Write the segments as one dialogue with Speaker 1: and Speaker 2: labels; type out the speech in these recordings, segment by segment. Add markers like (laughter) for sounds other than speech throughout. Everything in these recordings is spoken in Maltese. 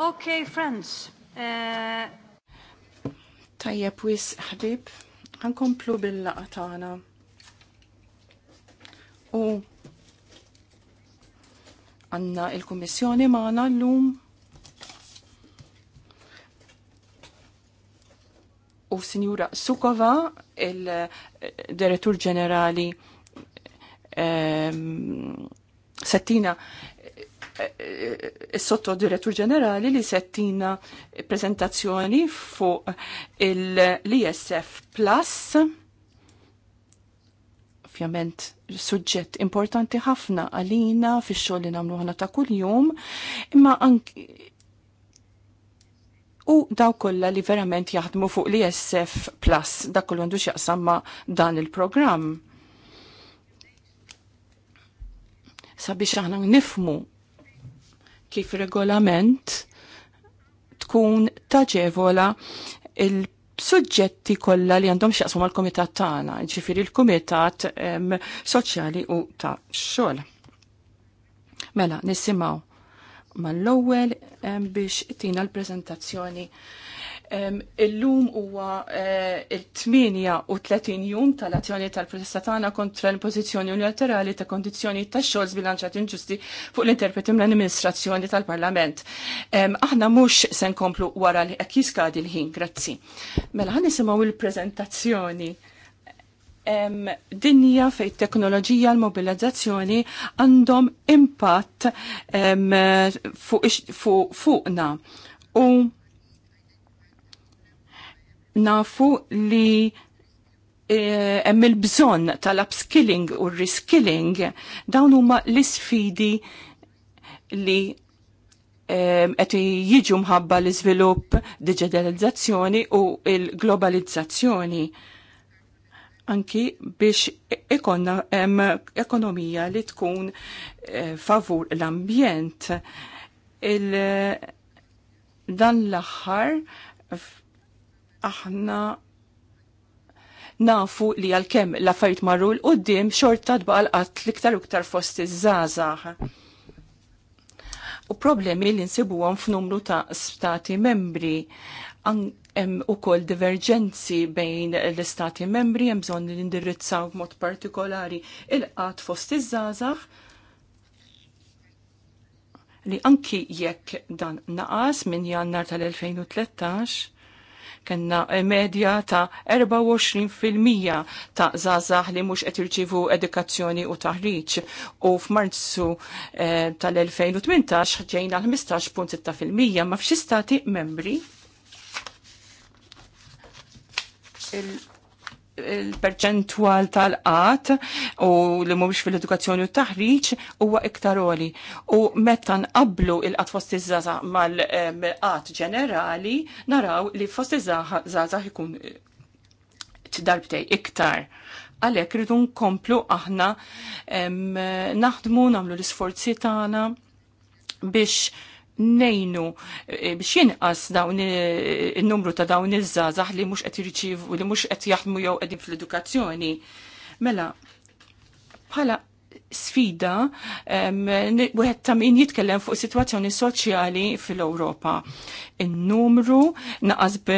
Speaker 1: Okay, friends. Eh, Tajjeb wis ħbib, ħankomplu bil-laqa tagħna. U għanna il-Kummissjoni magħna llum u Sinjura Sukova, il-Direttur Ġenerali ehm, Settina il-sotto direttur ġenerali li settina prezentazzjoni fuq l-ISF Plus. Ovvjament, suġġett importanti ħafna għalina fix xogħol li nagħmlu ħana ta' kuljum, imma anki u daw kollha li verament jaħdmu fuq l-ISF Plus, dak kollu għandu x'jaqsam ma' dan il-programm. Sabiex aħna nifmu kif regolament tkun taġevola il suġġetti kollha li għandhom x'jaqsmu mal-kumitat tagħna, ġifieri l-kumitat soċjali u ta' xogħol. Mela, nisimgħu mal-ewwel biex tina l-preżentazzjoni Illum huwa eh, il-38 jum tal-azzjoni tal-protesta tagħna kontra l-pożizzjoni unilaterali ta' kondizzjoni ta' xogħol bilanċat inġusti fuq l-interpreti mill-amministrazzjoni tal-Parlament. Aħna mhux se nkomplu wara li qed jiskadi l-ħin, grazzi. Mela ħan nisimgħu il-preżentazzjoni em, dinja fej teknoloġija l-mobilizzazzjoni għandhom impatt fuqna fu, u nafu li eh, hemm il-bżonn tal-upskilling u reskilling dawn huma l-isfidi li eh, qed jiġu mħabba l-iżvilupp digitalizzazzjoni u l-globalizzazzjoni anki biex ikonna ekonomija li tkun eh, favur l-ambjent. dan l-aħħar aħna nafu li għal-kem l-affarijiet marru l-qoddim xorta dbaqal qatt l-iktar u iktar fost iż-żgħażagħ. U problemi li nsibuhom f'numru ta' stati membri hemm ukoll diverġenzi bejn l-istati membri hemm bżonn li nindirizzaw b'mod partikolari il-qatt fost iż-żgħażagħ li anki jekk dan naqas minn jannar tal-2013 Kenna eh, medja ta' 24% ta' zazah li mux qed jirċivu edukazzjoni u taħriġ u f'Marzu eh, tal-2018 ġejna l-15.6% ma' f'xi stati membri il-perċentwal tal-qat u li mhumiex fil-edukazzjoni u taħriġ huwa iktar oli. U meta nqablu il-qat fost iż-żaza mal-qat ġenerali naraw li fost iż-żaza ikun darbtej iktar għalek rridu nkomplu aħna naħdmu, namlu l-isforzi tagħna biex nejnu e, biex jinqas dawn il-numru ta' dawn il żazax li mhux qed jirċievu li mhux qed jaħdmu jew qegħdin fl-edukazzjoni. Mela, bħala sfida wieħed ta' min jitkellem fuq is-sitwazzjoni soċjali fil-Ewropa. In-numru naqas b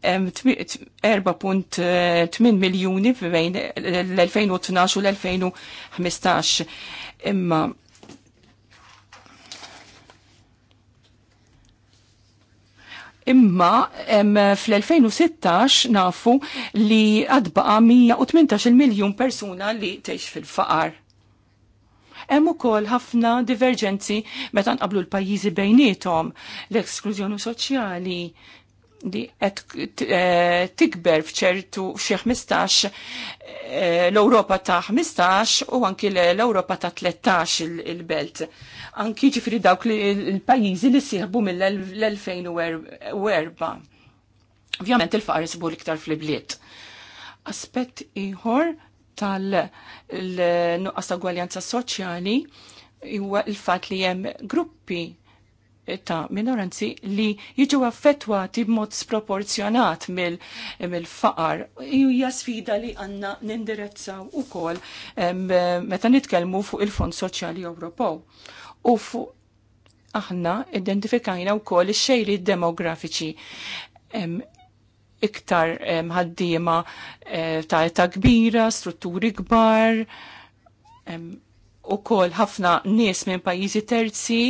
Speaker 1: 4.8 e, miljuni bejn l-2012 u l-2015. Imma Imma fl-2016 nafu li għadbaqa 118 miljon persuna li teħx fil-faqar. Hemm ukoll ħafna diverġenzi meta nqablu l-pajjiżi bejnietom, l-eksklużjoni soċjali, li għed eh, tikber f'ċertu fċi 15 eh, l-Ewropa ta' 15 u anki l-Ewropa ta' 13 il-belt. Anki ġifri dawk il-pajjiżi li siħbu mill-2004. Er-, Ovvjament il faris bu l-iktar fl-bliet. Aspett ieħor tal-nuqqas ta' gwaljanza soċjali huwa il-fatt li hemm gruppi ta' minoranzi li jiġu affettwati b'mod sproporzjonat mill-faqar. Mil Hija sfida li għanna nindirezzaw ukoll meta nitkellmu fuq il-Fond Soċjali Ewropew. U fuq aħna identifikajna wkoll ix-xejri demografiċi iktar ħaddiema eh, ta' ta' kbira, strutturi kbar, u kol ħafna nies minn pajjiżi terzi,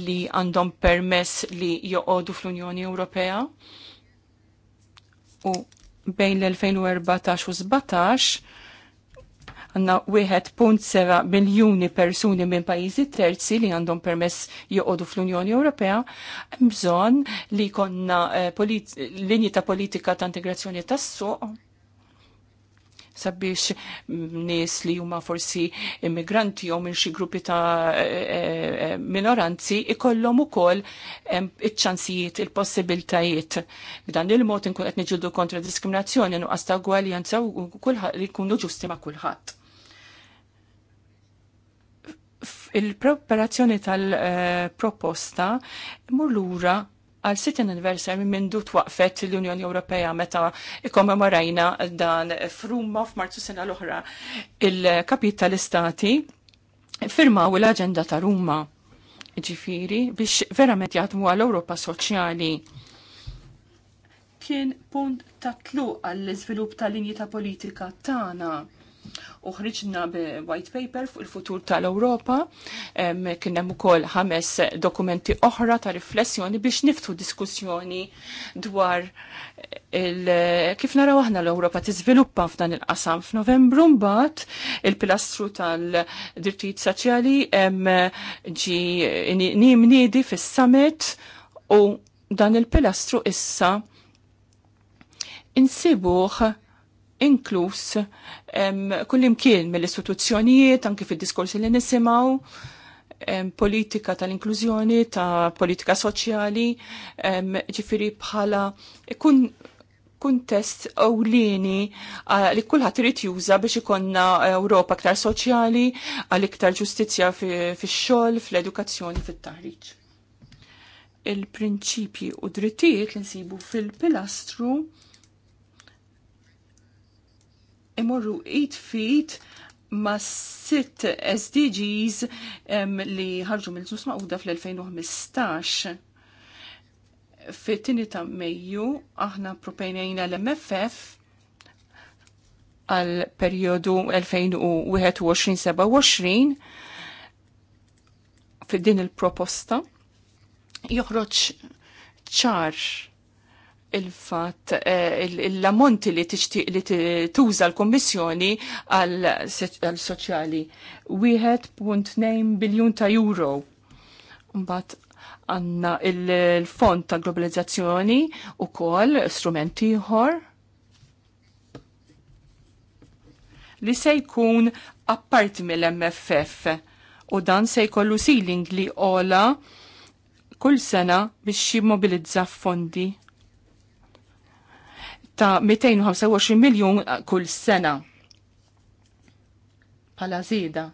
Speaker 1: li għandhom permess li joqodu fl-Unjoni Ewropea u bejn l-2014 u 17 għanna 1.7 biljuni persuni minn pajizi terzi li għandhom permess joqodu fl-Unjoni Ewropea, mżon li konna eh, linji ta' politika ta' integrazzjoni tas-suq sabiex nies li huma forsi immigranti jew minn xi gruppi ta' eh, eh, eh, minoranzi ikollhom ukoll iċ-ċansijiet, il-possibiltajiet. B'dan il-mod inkun qed niġildu kontra diskriminazzjoni nuqqas ta' gwaljanza u kulħadd li jkunu ġusti ma' kulħadd. Il-preparazzjoni tal-proposta mur lura għal sitin anniversary minn dut waqfet l-Unjoni Ewropea meta ikkommemorajna dan frumma f'Marzu sena l-oħra il-kapit tal-istati firmaw l-agenda ta' Ruma ġifiri biex verament jaħdmu għal Ewropa soċjali kien punt ta' tluq għall iżvilupp tal-linji ta' politika tagħna Uħriġna white paper fuq il-futur tal-Ewropa, kien hemm ukoll ħames dokumenti oħra ta' riflessjoni biex niftu diskussjoni dwar kif naraw aħna l-Ewropa tiżviluppa f'dan il-qasam f'Novembru mbagħad il-pilastru tal-drittijiet soċjali ġi nimniedi fis-summit u dan il-pilastru issa insibuħ inkluż kullimkien mill-istituzzjonijiet, anki fid-diskorsi li nisimgħu, politika tal-inklużjoni, ta' politika soċjali, ġifiri bħala kun kuntest ewlieni li kulħadd irid juża biex ikonna Ewropa aktar soċjali, għal iktar ġustizzja fix-xogħol, fl-edukazzjoni, fit-taħriġ. Il-prinċipji u drittijiet li nsibu fil-pilastru imorru it fit ma' sitt SDGs li ħarġu mill ġus maqda fl-2015. Fit-tini ta' Mejju aħna propenjajna l-MFF għal periodu 2021-27 fid din il-proposta joħroġ ċar il-fat eh, l-ammonti li tixtieq li tuża l-Kommissjoni għal soċjali wieħed punt 1.2 biljun ta' euro. Mbagħad għandna il-fond ta' globalizzazzjoni kol strumenti ieħor li se jkun apparti mill-MFF u dan se jkollu ceiling li ola kull sena biex jimmobilizza fondi ta' 225 miljon kull sena. Pala zida.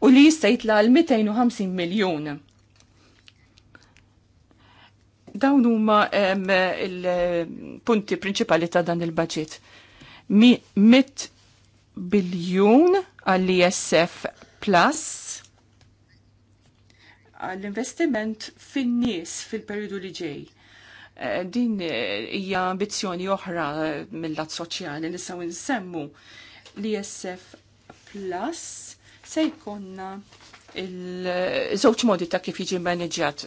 Speaker 1: U li jistajt la' għal 250 miljon. Dawn huma il-punti prinċipali ta' dan il-budget. 100 biljun għall-ISF Plus l investiment fin-nies fil-periodu li ġej. Eh, din eh, hija ambizzjoni oħra eh, mill-lat soċjali li saw insemmu li jessef plus se jkollna il-żewġ modi ta' kif jiġi maneġġjat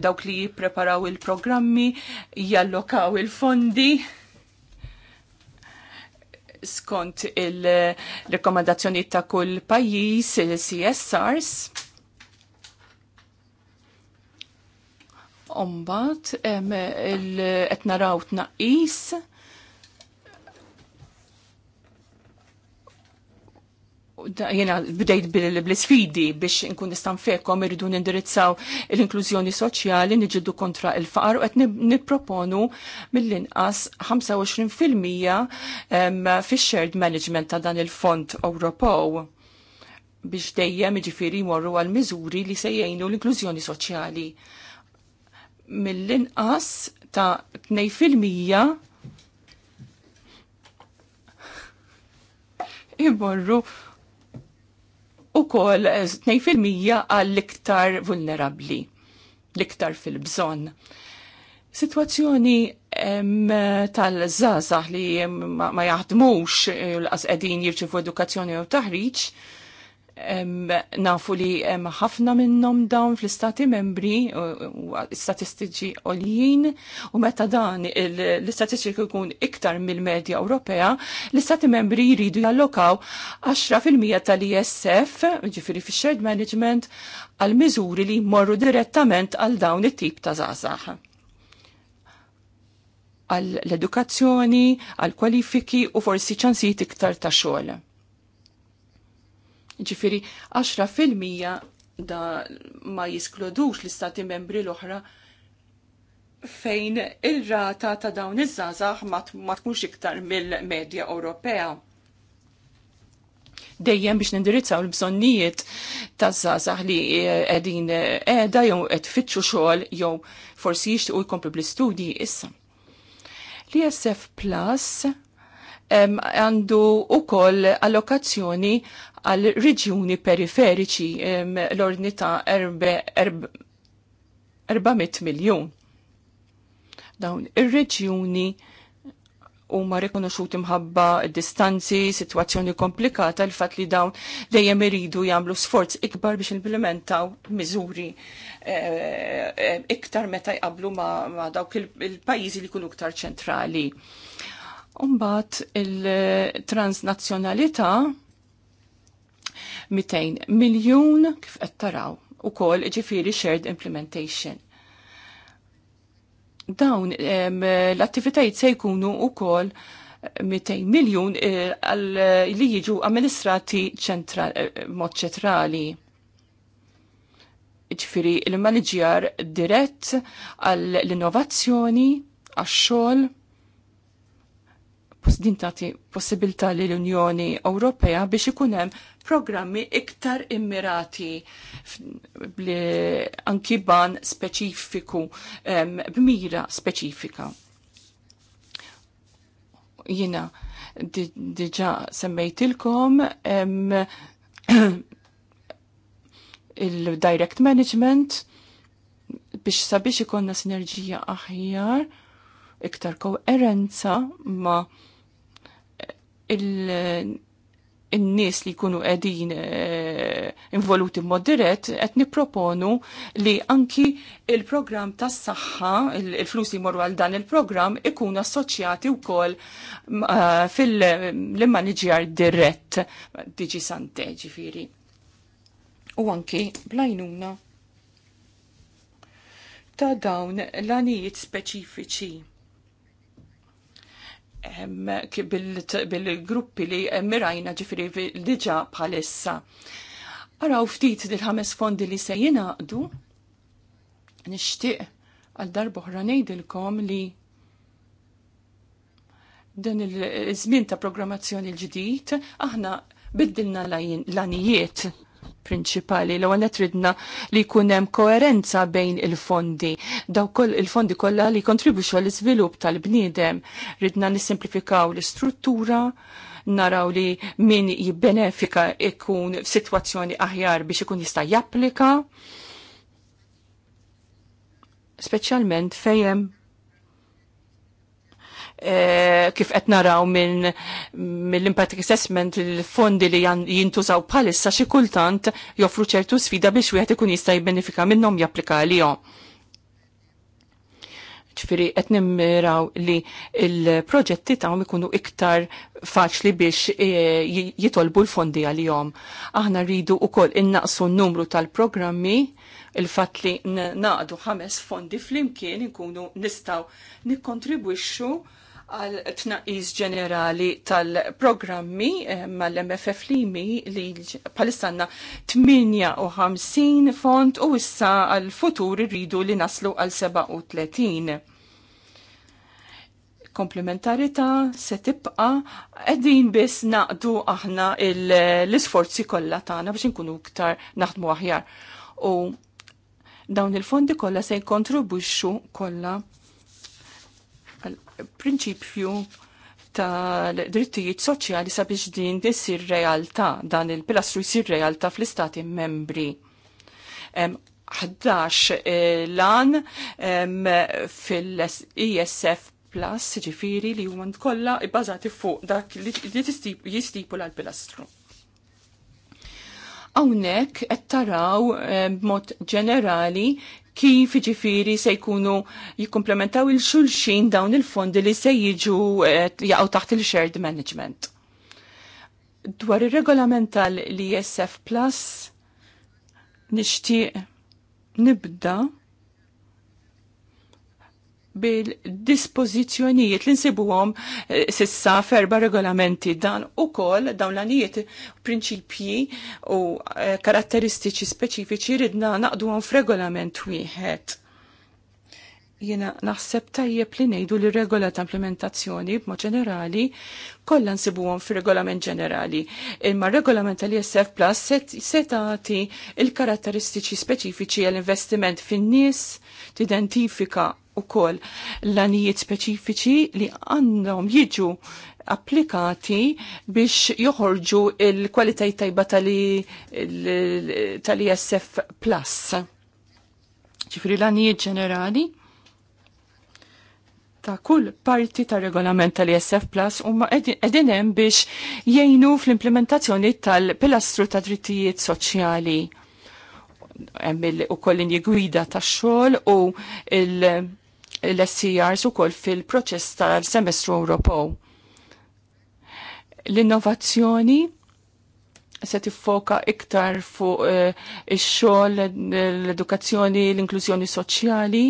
Speaker 1: dawk li jippreparaw il-programmi, jallokaw il-fondi skont il-rekomendazzjoni ta' kull pajjiż, il-CSRs Ombat, qed naraw tnaqqis jena bdejt bl-sfidi biex nkun nistan fekom irridu nindirizzaw l-inklużjoni soċjali, niġiddu kontra il-faqar u għet niproponu mill-inqas 25% fi shared management ta' dan il-Fond Ewropew biex dejjem iġifiri morru għal-miżuri li sejjajnu l-inklużjoni soċjali mill-inqas ta' 2% imorru u kol 2% għall-iktar vulnerabli, l-iktar fil-bżon. Situazzjoni tal-żazah li ma jaħdmux eh, l-qas edin jirċifu edukazzjoni u taħriċ, nafu li ħafna minnom dawn fl-istati membri u statistiċi għoljin, u meta dan l-istatistiċi jkun iktar mill-medja Ewropea, l-istati membri jridu jallokaw 10% tal-ISF, ġifiri fi shared management, għal miżuri li morru direttament għal dawn it-tip ta' zazax għal edukazzjoni għall-kwalifiki u forsi ċansijiet iktar ta' xogħol Ġifiri, 10% da ma jiskludux l-istati membri l-oħra fejn il-rata ta' dawn iż-żazax ma tkunx iktar mill-medja Ewropea. Dejjem biex nindirizzaw l-bżonnijiet ta' żazax li eh, qegħdin eh, qiegħda jew qed fitxu xogħol jew forsi jixtiequ jkomplu bl-istudji issa. L-ISF Plus għandu u koll allokazzjoni għal reġjuni periferiċi l-ordni ta' 400 miljon. Dawn ir-reġjuni huma rikonoxuti mħabba distanzi, situazzjoni komplikata l fat li dawn dejjem iridu jagħmlu sforz ikbar biex implementaw miżuri eh, eh, iktar meta jqablu ma, dawk il-pajjiżi li jkunu iktar ċentrali Umbat il transnazjonalita 200 miljun kif qed taraw ukoll ġifiri shared implementation. Dawn l-attivitajiet se jkunu ukoll 200 miljun eh, li jiġu amministrati eh, mod ċentrali. Ġifiri l-manager dirett għall-innovazzjoni, għax-xogħol, din tagħti possibilità li l-Unjoni Ewropea biex ikun hemm programmi iktar immirati anki ban speċifiku b'mira speċifika. Jiena diġà semmejtilkom (clears throat) il-direct management biex sabiex ikonna sinerġija aħjar iktar koerenza ma' il-nies li jkunu qegħdin eh, involuti mod dirett qed nipproponu li anki il-programm tas-saħħa, il-flus li morru għal dan il-programm ikunu assoċjati wkoll eh, fil-manager dirett Diġi Sante ġifieri. U anki blajnuna ta' dawn l-anijiet speċifiċi bil-gruppi li mirajna ġifiri diġa bħalissa. Araw ftit dil-ħames fondi li se jinaqdu, nishtiq għal darboħra nejdilkom li dan il-żmien ta' programmazzjoni l-ġdid, aħna biddilna l-anijiet prinċipali. l għanet ridna li kunem koerenza bejn il-fondi. Daw koll il-fondi kollha li kontribuxu għall iżvilupp tal-bniedem. Ridna nisimplifikaw l-istruttura, naraw li min jibbenefika ikun f'sitwazzjoni aħjar biex ikun jista' japplika. Speċjalment fejjem Eh, kif qed naraw minn mill-impact assessment il-fondi li jintużaw bħalissa xi kultant joffru ċertu sfida biex wieħed ikun jista' jibbenefika minnhom japplika għalihom. Ġifieri qed nimmiraw li l-proġetti tagħhom ikunu iktar faċli biex eh, jitolbu l-fondi għalihom. Aħna rridu wkoll innaqsu n-numru tal-programmi il-fatt li naqdu ħames fondi flimkien inkunu nistaw nikkontribwixxu għal tnaqis ġenerali tal-programmi eh, mal-MFF limi li palissanna 58 font u issa għal futur rridu li naslu għal 37. Komplementarita se tibqa qegħdin biss naqdu aħna l-isforzi kollha tagħna biex inkunu iktar naħdmu aħjar. U dawn il-fondi kollha se jkontribwixxu kollha prinċipju ta' drittijiet soċjali sabiex din isir realtà, dan il-pilastru jsir realtà fl-istati membri. Em, 11 eh, lan fil-ESF Plus, ġifiri li huma i bazati fuq dak li jistipula l-pilastru. Hawnhekk qed taraw eh, b'mod ġenerali kif ġifiri se jkunu jikkumplementaw il-xulxin dawn il-fondi li se jiġu eh, jaqgħu taħt il-shared management. Dwar ir-regolament tal-ISF Plus nixtieq nibda bil-dispozizjonijiet li nsibuhom eh, sissa ferba regolamenti dan u kol dawn l-anijiet prinċipji u eh, karatteristiċi speċifiċi ridna naqdu f f'regolament wieħed. Jena naħseb tajjeb li nejdu li regola ta' implementazzjoni b'mod ġenerali kollha nsibuhom fir-regolament ġenerali. Imma regolament tal-ISF Plus setati il-karatteristiċi speċifiċi għall-investiment fin-nies, tidentifika u koll l-anijiet speċifiċi li għandhom jiġu applikati biex joħorġu il-kwalitajt tajba tal-ISF Plus. ċifri l-anijiet ġenerali ta' kull parti ta' regolament tal-ISF Plus u ma' edinem biex jgħinu fl-implementazzjoni tal-pilastru ta' drittijiet soċjali u kollin jigwida ta' xol u l-SCRs u koll fil-proċess tal-semestru Ewropew. L-innovazzjoni se tiffoka iktar fuq eh, ix-xogħol, l-edukazzjoni, l-inklużjoni soċjali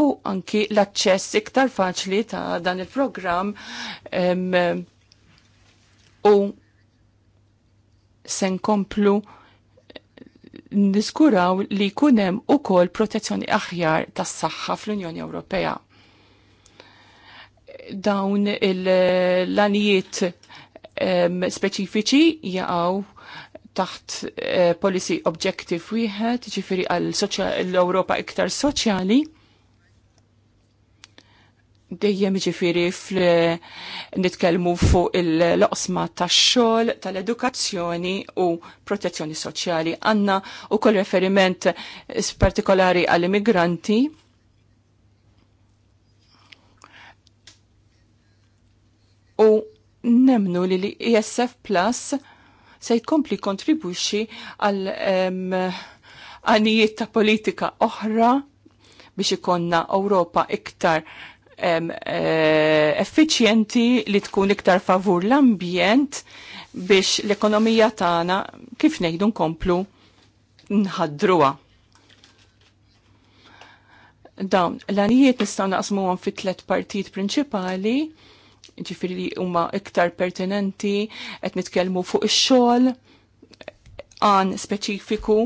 Speaker 1: u anki l-aċċess iktar faċli ta' dan il-programm u se nkomplu niskuraw li kunem u kol protezzjoni aħjar tas saħħa fl-Unjoni Ewropea. Dawn l-anijiet speċifiċi jaqaw taħt eh, policy objective wieħed, ġifiri għal l ewropa iktar soċjali, dejjem ġifiri nitkellmu fuq il-loqsma tax-xogħol, tal-edukazzjoni u protezzjoni soċjali. Għandna kol referiment partikolari għall-immigranti. U nemnu li l-ISF Plus se jkompli kontribwixxi għal għanijiet ta' politika oħra biex ikonna Ewropa iktar Eh, effiċjenti li tkun iktar favur l-ambjent biex l-ekonomija tagħna kif ngħidu nkomplu nħadruha. Dawn, l-għanijiet nistgħu naqsmuhom fit tliet partit prinċipali, ġifiri li huma iktar pertinenti, qed nitkellmu fuq ix-xogħol, għan speċifiku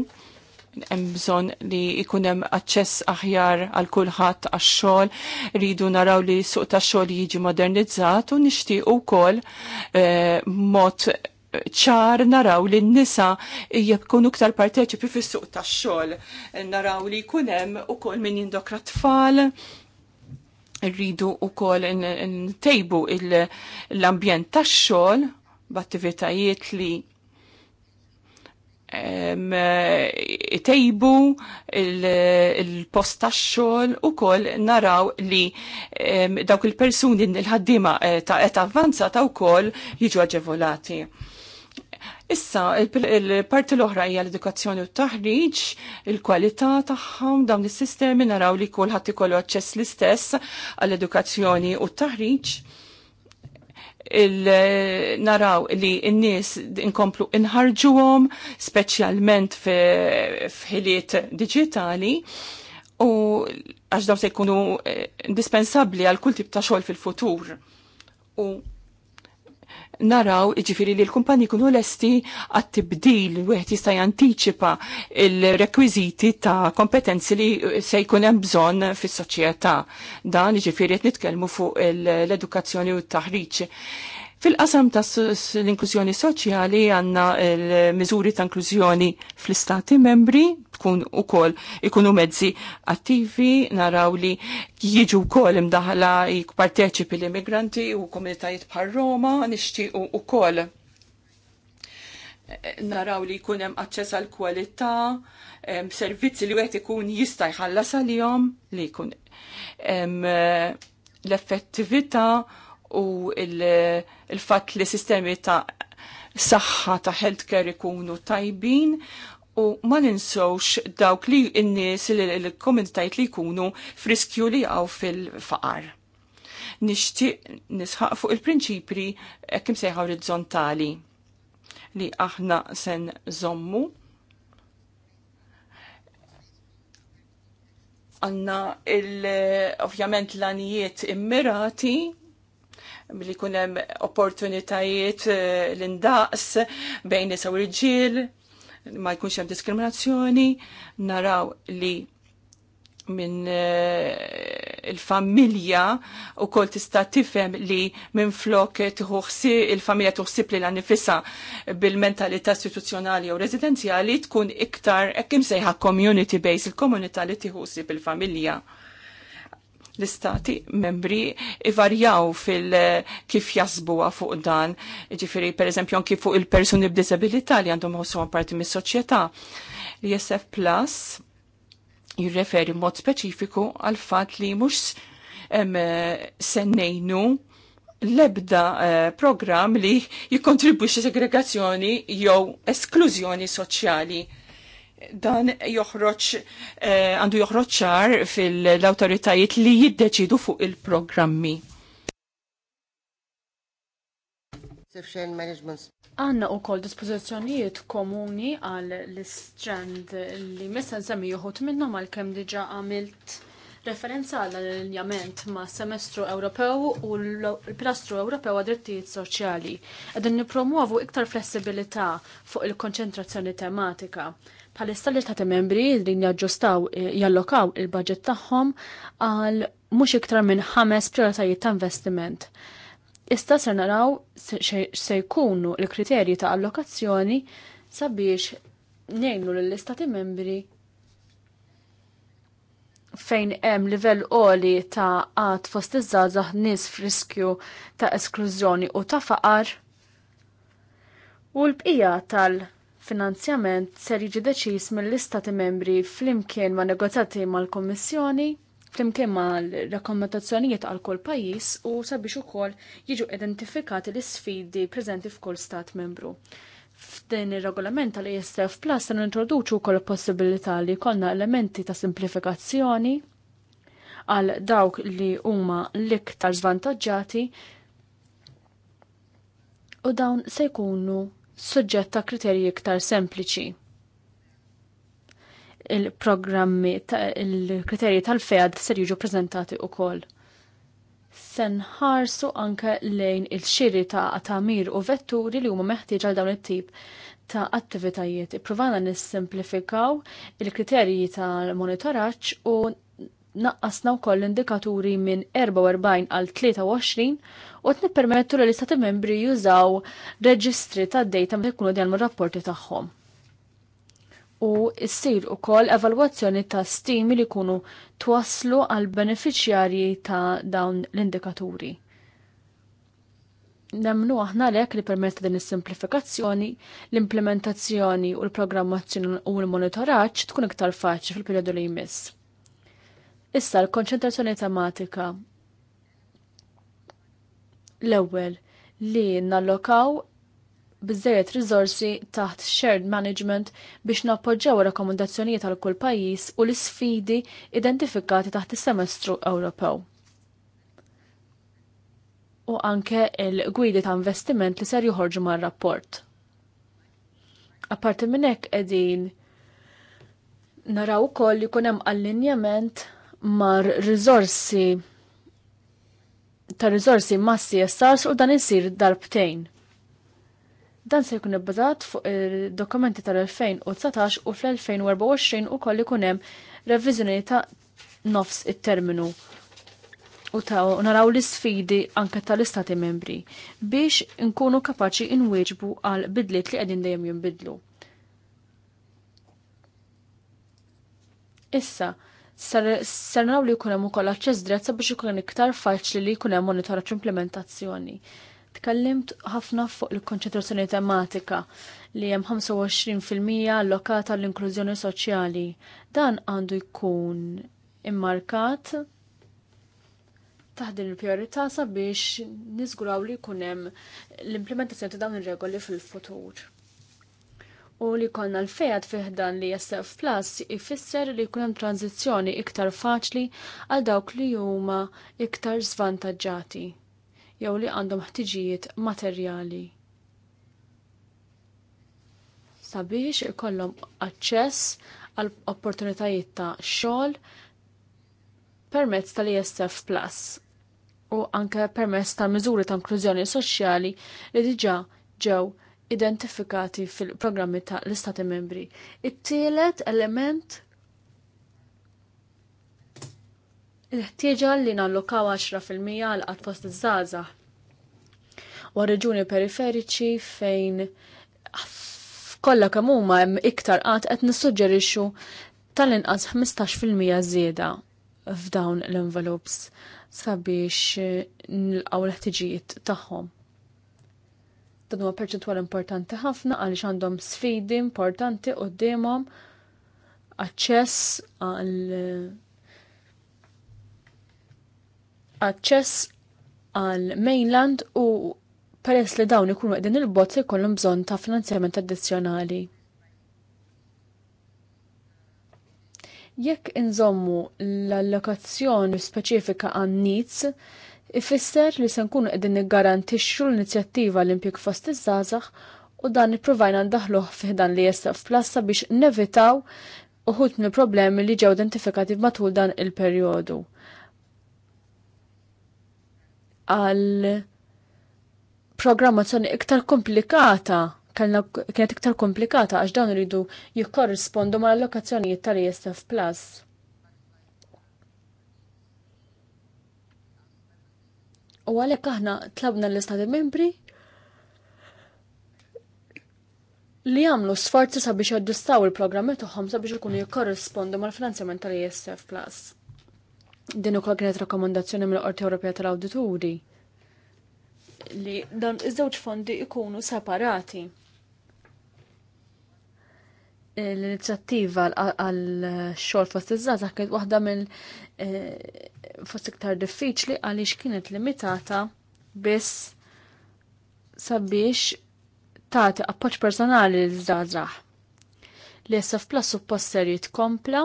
Speaker 1: hemm bżonn li jkun hemm aċċess aħjar għal kulħadd għax-xogħol, rridu naraw li suq tax-xogħol jiġi modernizzat u nixtieq ukoll b'mod eh, mod ċar naraw li n-nisa jkunu ktar parteċipi fis-suq tax-xogħol, naraw li jkun hemm ukoll min jindokra tfal, rridu ukoll ntejbu l-ambjent tax-xogħol b'attivitajiet li tejbu il-post il post il u xogħol ukoll naraw li dawk il-persuni il-ħaddiema eh, ta' qed avvanzata wkoll jiġu aġevolati. Issa, il-parti l-oħra hija l-edukazzjoni u t-taħriġ, il-kwalità tagħhom dawn is-sistemi naraw li kulħadd ikollu aċċess l-istess għall-edukazzjoni u t-taħriġ naraw li n-nies inkomplu għom, speċjalment f'ħiliet digitali, u għax daw se jkunu eh, indispensabbli għal kull tip ta' xogħol fil-futur. U naraw iġifiri li l-kumpani kunu lesti għat-tibdil, u għet jista jantiċipa il-rekwiziti ta' kompetenzi li se jkun hemm bżonn fis-soċjetà. Dan iġifiri qed nitkellmu fuq l-edukazzjoni u t-taħriġ Fil-qasam ta' l-inklużjoni soċjali għanna l-mizuri ta' inklużjoni fl-istati membri tkun u kol ikunu mezzi attivi, naraw li jiġu kol imdaħla jikparteċipi l-immigranti u komunitajiet bħal Roma, nishti u kol eh, naraw li hemm aċċess għal kwalità, servizzi li għet ikun jista' jħallas għalihom li jkun eh, l-effettività u il-fat li sistemi ta' saħħa ta' healthcare ikunu tajbin u ma ninsowx dawk li n-nies l komunitajt li jkunu friskju li għaw fil-faqar. Nixtieq nisħaq fuq il-prinċipri eh, kim sejħa orizzontali li aħna sen zommu għanna il-ovjament l-anijiet immirati li kunem opportunitajiet eh, l-indaqs bejn nisa u rġil, ma jkunx hemm diskriminazzjoni, naraw li minn eh, il-familja u kol tista tifhem li minn flok tħuħsi il-familja tħuħsib li l-nifisa bil-mentalità istituzzjonali u residenzjali tkun iktar ekkim sejħa community base, il-komunità li tħuħsib il-familja. il familja L-istati membri ivarjaw fil kif jasbuwa fuq dan, ġifiri per eżempju anki fuq il-persuni b'disabilità li għandhom għosu parti mis soċjetà L-ISF Plus jirreferi mod speċifiku għal fat li mux sennejnu l-ebda eh, program li jikontribuċi segregazzjoni jew esklużjoni soċjali dan joħroġ eh, għandu uh, joħroġ ċar fil-awtoritajiet li jiddeċidu fuq il-programmi.
Speaker 2: Għanna u kol dispozizjonijiet komuni għal l-strand li messa semmi juħut minnom għal kem diġa għamilt referenza għal l-linjament ma' semestru Ewropew u l-pilastru Ewropew għad-drittijiet soċjali. Għadin nipromuovu iktar flessibilità fuq il-konċentrazzjoni tematika Palissa li ta' membri li jaġġustaw eh, jallokaw il-budget tagħhom għal mhux iktar minn ħames prioritajiet ta' investiment. Issa ser naraw se jkunu l-kriterji ta' allokazzjoni sabiex nejnu l-istati membri fejn hemm livell qoli ta' għad fost iż-żgħażagħ nies f'riskju ta' esklużjoni u ta' faqar u l-bqija tal- finanzjament ser jiġi deċiż mill-istati membri flimkien ma' negozjati mal-Kommissjoni, flimkien ma' rakkomandazzjonijiet għal kull pajjiż u sabiex ukoll jiġu identifikati l-isfidi preżenti f'kull stat membru f'din ir-regolament tal ISF Plus se nintroduċu wkoll possibilità li jkollna elementi ta' simplifikazzjoni għal dawk li huma l-iktar żvantaġġati u dawn se jkunu suġġett ta' kriterji iktar sempliċi. Il-programmi, il-kriterji tal-FEAD ser jiġu prezentati u koll. Senħarsu anke lejn il-xiri ta' tamir u vetturi li huma meħtieġ għal dawn it-tip ta' attivitajiet. Ippruvana nissimplifikaw il-kriterji tal-monitoraġġ u naqqasna wkoll indikaturi minn 44 għal 23 u nippermettu li l-istati membri jużaw reġistri tad-dejta meta jkunu jagħmlu rapporti tagħhom. U ssir ukoll evalwazzjoni ta' stimi li jkunu twaslu għal beneficjarji ta' dawn l-indikaturi. Nemnu aħna lek li permetta din is-simplifikazzjoni, l-implementazzjoni u l-programmazzjoni u l-monitoraġġ tkun iktar faċli fil-perjodu li jmiss. Issa l-konċentrazzjoni tematika L-ewwel li nallokaw biżejjed riżorsi taħt shared management biex nappoġġaw rakkomandazzjonijiet għal kull pajjiż u l-isfidi identifikati taħt is-semestru Ewropew. U anke il-gwidi ta' investiment li ser joħorġu mar-rapport. Apparti minn hekk qegħdin naraw ukoll li jkun hemm allinjament mar riżorsi ta' rizorsi massi jessars u dan isir darbtejn. Dan se jkun ibbazat fuq il-dokumenti tal-2019 u fl-2024 u koll ikun hemm revizjoni ta' nofs it-terminu u ta' naraw l-sfidi anke tal-istati membri biex nkunu kapaċi inwieġbu għal bidliet li qegħdin dejjem jinbidlu. Issa, Ser naraw li jkun hemm ukoll aċċess dirett biex ikun iktar faċli li jkun hemm monitoraġġ implementazzjoni. Tkellimt ħafna fuq il-konċentrazzjoni tematika li hemm 25% allokata l-inklużjoni soċjali. Dan għandu jkun immarkat taħdin il-priorità sabiex niżguraw li jkun hemm l-implementazzjoni ta' dawn ir-regoli fil-futur u li konna l-fejat fiħdan li SF Plus ifisser li kunem tranzizjoni iktar faċli għal dawk li huma iktar svantagġati jew li għandhom ħtiġijiet materjali. Sabiex ikollhom aċċess għal opportunitajiet ta' xogħol permezz tal-ISF Plus u anke permezz ta' miżuri ta' inklużjoni soċjali li diġà ġew identifikati fil-programmi ta' l-Istati membri. It-tielet element il-ħtieġa li nallokaw 10% għal qatt post iż-żgħażagħ u reġuni periferiċi fejn kollha kemm huma hemm iktar qatt qed nissuġġerixxu tal-inqas 15% żieda f'dawn l-envelopes sabiex nilqgħu l-ħtiġijiet tagħhom. Dan huwa perċentwal importanti ħafna għaliex għandhom sfidi importanti qudiemhom aċċess għal aċċess għal mainland u peress li dawn ikunu qegħdin il-bot li jkollhom bżonn ta' finanzjament addizzjonali. Jekk inżommu l-allokazzjoni speċifika għan needs, ifisser li se nkunu qegħdin niggarantixxu l-inizjattiva li impjeg fost iż-żgħażagħ u dan ippruvajna ndaħluh fiħdan li jessaf f'plassa biex nevitaw uħud minn problemi li ġew identifikati matul dan il-perjodu. Għal programmazzjoni iktar komplikata kellna kienet iktar komplikata għax dawn iridu jikkorrispondu mal allokazzjonijiet tal-ISF Plus. U għalhekk aħna tlabna l-Istati membri li jagħmlu sforzi sabiex jaddistaw il-programmi tagħhom sabiex ikunu jikkorrispondu mal-finanzjament tal-ISF Plus. Din ukoll kienet rakkomandazzjoni mill-Qorti Ewropea tal-Awdituri li dan iż-żewġ fondi ikunu separati l-inizjattiva għal xogħol fost iż-żgħażagħ waħda mill eh, fost iktar diffiċli għaliex kienet limitata biss sabiex tagħti appoġġ personali l żgħażagħ Li SF Plus supposter jitkompla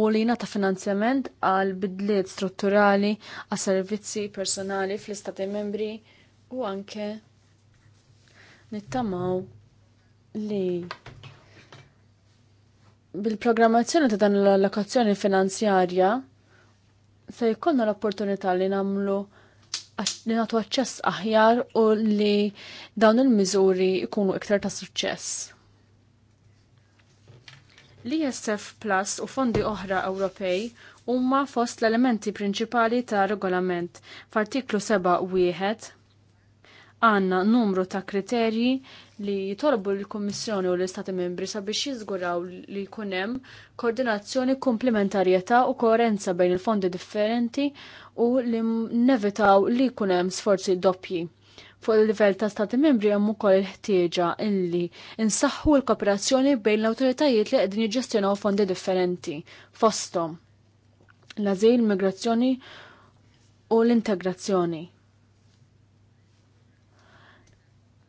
Speaker 2: u li nata finanzjament għal bidliet strutturali għal servizzi personali fl-istati membri u anke nittamaw li bil-programmazzjoni ta' dan l-allokazzjoni finanzjarja se jkollna l-opportunità li nagħmlu li nagħtu aċċess aħjar u li dawn il-miżuri jkunu iktar ta' suċċess. L-ISF Plus u fondi oħra Ewropej huma fost l-elementi prinċipali ta' regolament f'artiklu 7 wieħed għandna numru ta' kriterji li jitolbu l-Kummissjoni u l-Istati membri sabiex jiżguraw li jkun hemm koordinazzjoni komplementarjetà u koerenza bejn il-fondi differenti u li nevitaw li jkun hemm sforzi doppji. Fuq il-livell ta' Stati membri hemm ukoll il-ħtieġa illi insaħħu l-kooperazzjoni bejn l-awtoritajiet li qegħdin jiġġestjonaw fondi differenti fosthom l-azil, migrazzjoni u l-integrazzjoni.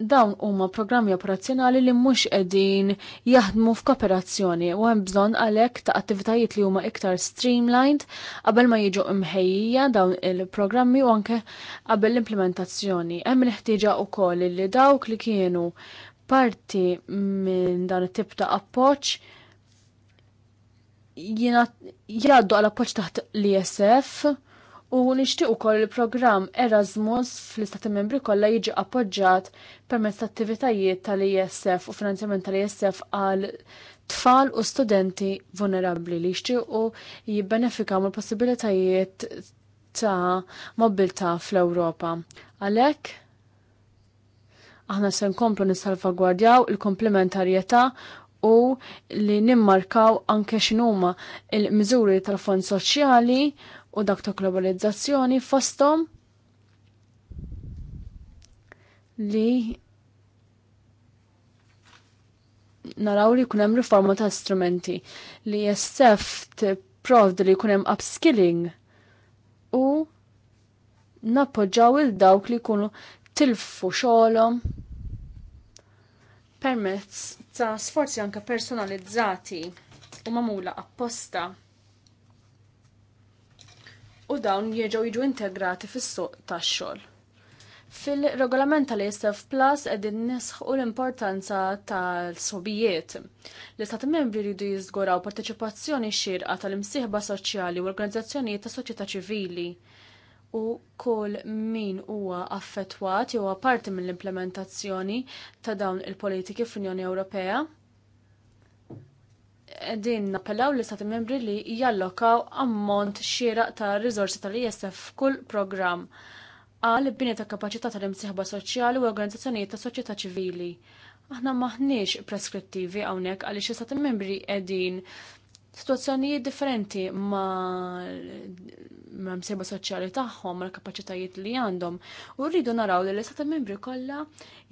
Speaker 2: dawn huma programmi operazzjonali li mhux qegħdin jaħdmu f'kooperazzjoni u hemm bżonn għalhekk ta' attivitajiet li huma iktar streamlined qabel ma jiġu imħejjija dawn il-programmi u anke qabel l-implementazzjoni. Hemm il-ħtieġa wkoll li dawk li kienu parti minn dan it-tip ta' appoġġ jgħaddu għal appoġġ taħt l-ISF U nixtieq ukoll il-programm Erasmus fl-Istati Membri kollha jiġi appoġġjat permezz attivitajiet tal-ISF u finanzjament tal-ISF għal tfal u studenti vulnerabbli li jixtiequ jibbenefikaw mill-possibilitajiet ta' mobilta fl-Ewropa. Għalhekk aħna se nkomplu nissalvagwardjaw il-komplementarjetà u li nimmarkaw anke x'inhuma il-miżuri tal-fond soċjali u dak ta' globalizzazzjoni fostom li naraw li kunem riforma ta' strumenti li jessef provd li kunem upskilling u nappoġġaw il-dawk li kunu tilfu xolom permezz ta' sforzi anka personalizzati u mamula apposta u dawn jieġu jiġu integrati fis-suq tax-xogħol. Fil-regolament tal-ISF Plus qegħdin u l-importanza tal-sobijiet. L-Istati membri jridu jiżguraw parteċipazzjoni xirqa tal-imsieħba soċjali u organizzazzjonijiet ta' soċjetà ċivili u kull min huwa affettwat jew parti mill-implementazzjoni ta' dawn il-politiki fl-Unjoni Ewropea din nappellaw li stati membri li jallokaw ammont xieraq ta' rizorsi tal-ISF f'kull programm għal bini ta' kapacità tal imsiħba soċjali u organizzazzjonijiet ta' soċjetà ċivili. Aħna maħniex preskrittivi hawnhekk għaliex is-stati membri qegħdin situazzjonijiet differenti ma msejba soċjali tagħhom, ma l-kapaċitajiet li għandhom. U rridu naraw li l-istati membri kollha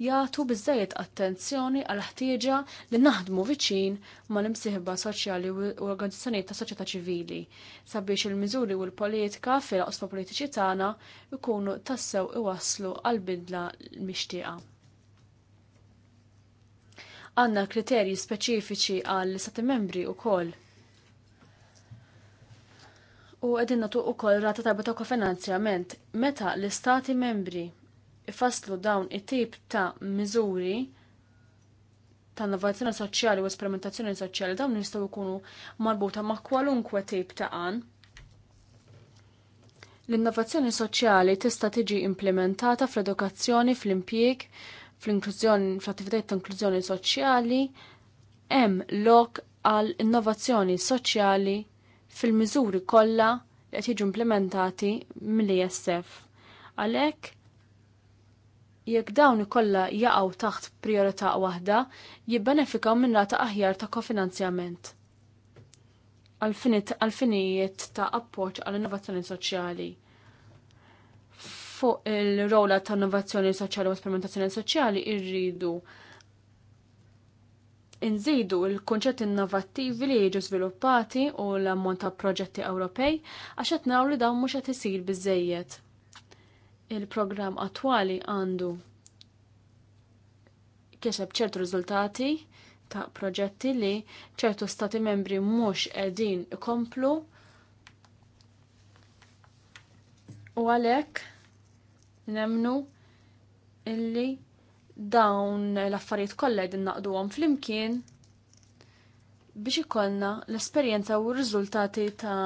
Speaker 2: jagħtu biżejjed attenzjoni għal ħtieġa li naħdmu viċin ma l soċjali u organizzazzjonijiet ta' soċjetà ċivili sabiex il-miżuri u l-politika fil-qosma politiċi tagħna jkunu tassew iwasslu għal bidla mixtieqa. Għanna kriterji speċifiċi għall istati membri u koll U għedin natu u koll rata ta' betoko finanzjament. Meta l-istati membri ifaslu dawn it-tip ta' miżuri ta' innovazzjoni soċjali u esperimentazzjoni soċjali dawn jistgħu jkunu marbuta ma' kwalunkwe tip ta' għan. L-innovazzjoni soċjali tista' tiġi implementata fl-edukazzjoni, fl-impjieg, fl-inklużjoni, fl-attivitajiet ta' inklużjoni soċjali, hemm lok għal innovazzjoni soċjali fil-miżuri kollha li qed jiġu implementati mill-ISF. Għalhekk jekk dawn ikollha jaqgħu taħt priorità waħda, jibbenefikaw minn rata aħjar ta' kofinanzjament. Għalfinijiet ta' appoġġ għall innovazzjoni soċjali. Fuq il-rola ta' innovazzjoni soċjali u sperimentazzjoni soċjali irridu nżidu l-kunċett innovattivi li jiġu sviluppati u l-ammont ta' proġetti Ewropej għax qed li dawn mhux qed isir biżejjed. Il-programm attwali għandu kiseb ċertu riżultati ta' proġetti li ċertu stati membri mhux qegħdin ikomplu u għalhekk nemnu illi dawn l-affarijiet kollha qegħdin naqduhom flimkien biex ikollna l-esperjenza u r-riżultati ta'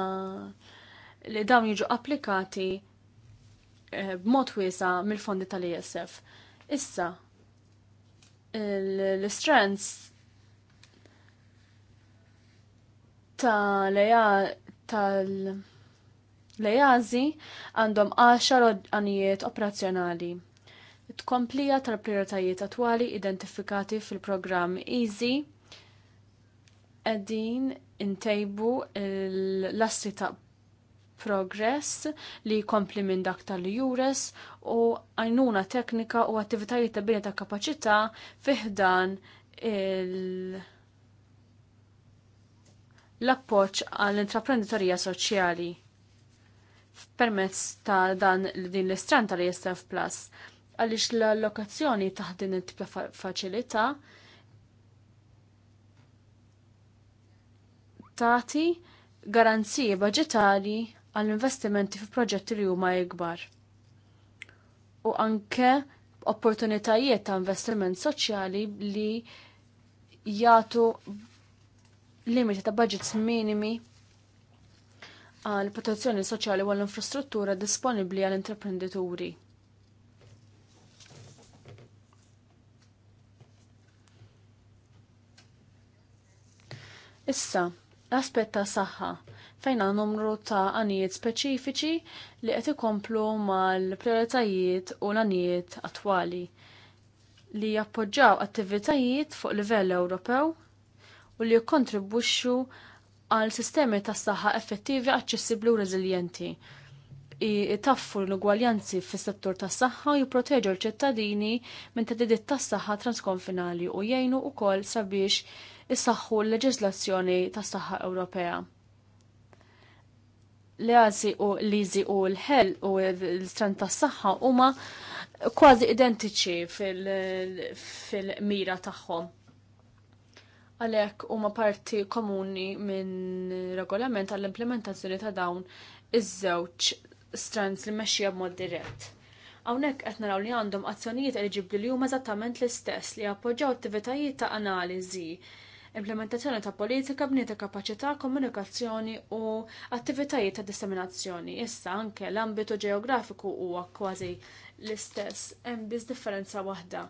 Speaker 2: li dawn jiġu applikati eh, b'mod wiesa mill-fondi tal-ISF. Issa, l-strands tal-lejazi għandhom 10 għanijiet operazzjonali tkomplija tal prijoritajiet attwali identifikati fil-programm EASY qegħdin intejbu l-assi ta' progress li jkompli minn dak tal-jures u għajnuna teknika u attivitajiet ta' bini ta' kapacita fiħdan l-appoċ għall-intraprenditorija soċjali permezz ta' dan din l-istranta li jistaf plus għaliex l-allokazzjoni taħdin it-tibla faċilità tagħti garanziji budġetarji għall-investimenti fi proġetti li huma ikbar. U anke opportunitajiet ta' investiment soċjali li jagħtu limiti ta' budgets minimi għal protezzjoni soċjali u għall-infrastruttura disponibbli għall-intreprenditori. Issa, l-aspett ta' saħħa fejn numru ta' għanijiet speċifiċi li qed ikomplu mal-prioritajiet u l-għanijiet attwali li jappoġġaw attivitajiet fuq livell Ewropew u li jikkontribwixxu għal sistemi ta' saħħa effettivi, aċċessibbli u reżiljenti. Itaffu l-ugwaljanzi fis-settur tas saħħa u jipproteġu l-ċittadini minn tedidiet tas saħħa transkonfinali u jgħinu wkoll sabiex issaħħu l-leġislazzjoni tas saħħa Ewropea. L-għazi u l-liżi u l-ħel u l-strand tas saħħa huma kważi identiċi fil-mira tagħhom. Għalhekk huma parti komuni minn regolament għall-implementazzjoni ta' dawn iż-żewġ strands li mexxija b'mod dirett għawnek qed naraw li għandhom azzjonijiet eligibli li huma eżattament l-istess li appoġġaw attivitajiet ta' analiżi implementazzjoni ta' politika bniet kapaċità, komunikazzjoni u attivitajiet ta' disseminazzjoni. Issa anke l-ambitu ġeografiku huwa kważi l-istess, hemm biss differenza waħda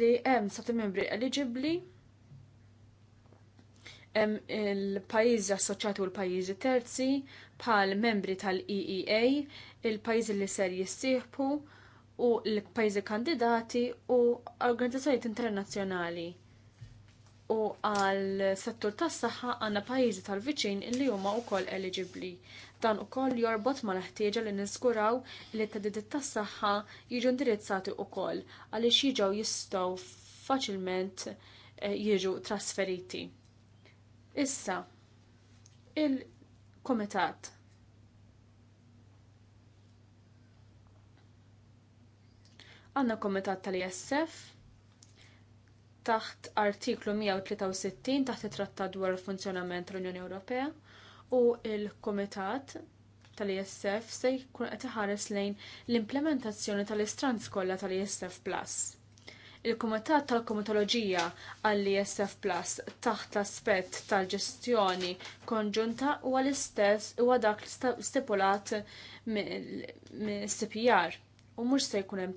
Speaker 2: li hemm sa' membri eligibbli hemm il-pajjiżi assoċjati u l-pajjiżi terzi bħal membri tal-EEA, il-pajjiżi li ser jissieħbu u l-pajzi kandidati u organizzazzjonijiet internazzjonali. U għal settur tas saħħa għandna pajjiżi tal-viċin illi huma wkoll eligibbli. Dan ukoll jorbot ma l-ħtieġa li niskuraw li t-tedidiet tas saħħa jiġu indirizzati wkoll għaliex jiġu jistgħu faċilment eh, jiġu trasferiti. Issa, il-Komitat Għanna komitat tal-ISF taħt artiklu 163 taħt it-trattat dwar il-funzjonament tal-Unjoni Ewropea u il-komitat tal-ISF se jkun qed iħares lejn l-implementazzjoni tal-istrans kollha tal-ISF Plus. Il-Kumitat tal-Komitoloġija għall-ISF Plus taħt l-aspett tal-ġestjoni konġunta huwa l-istess huwa dak stipulat mill-CPR u mhux se jkun hemm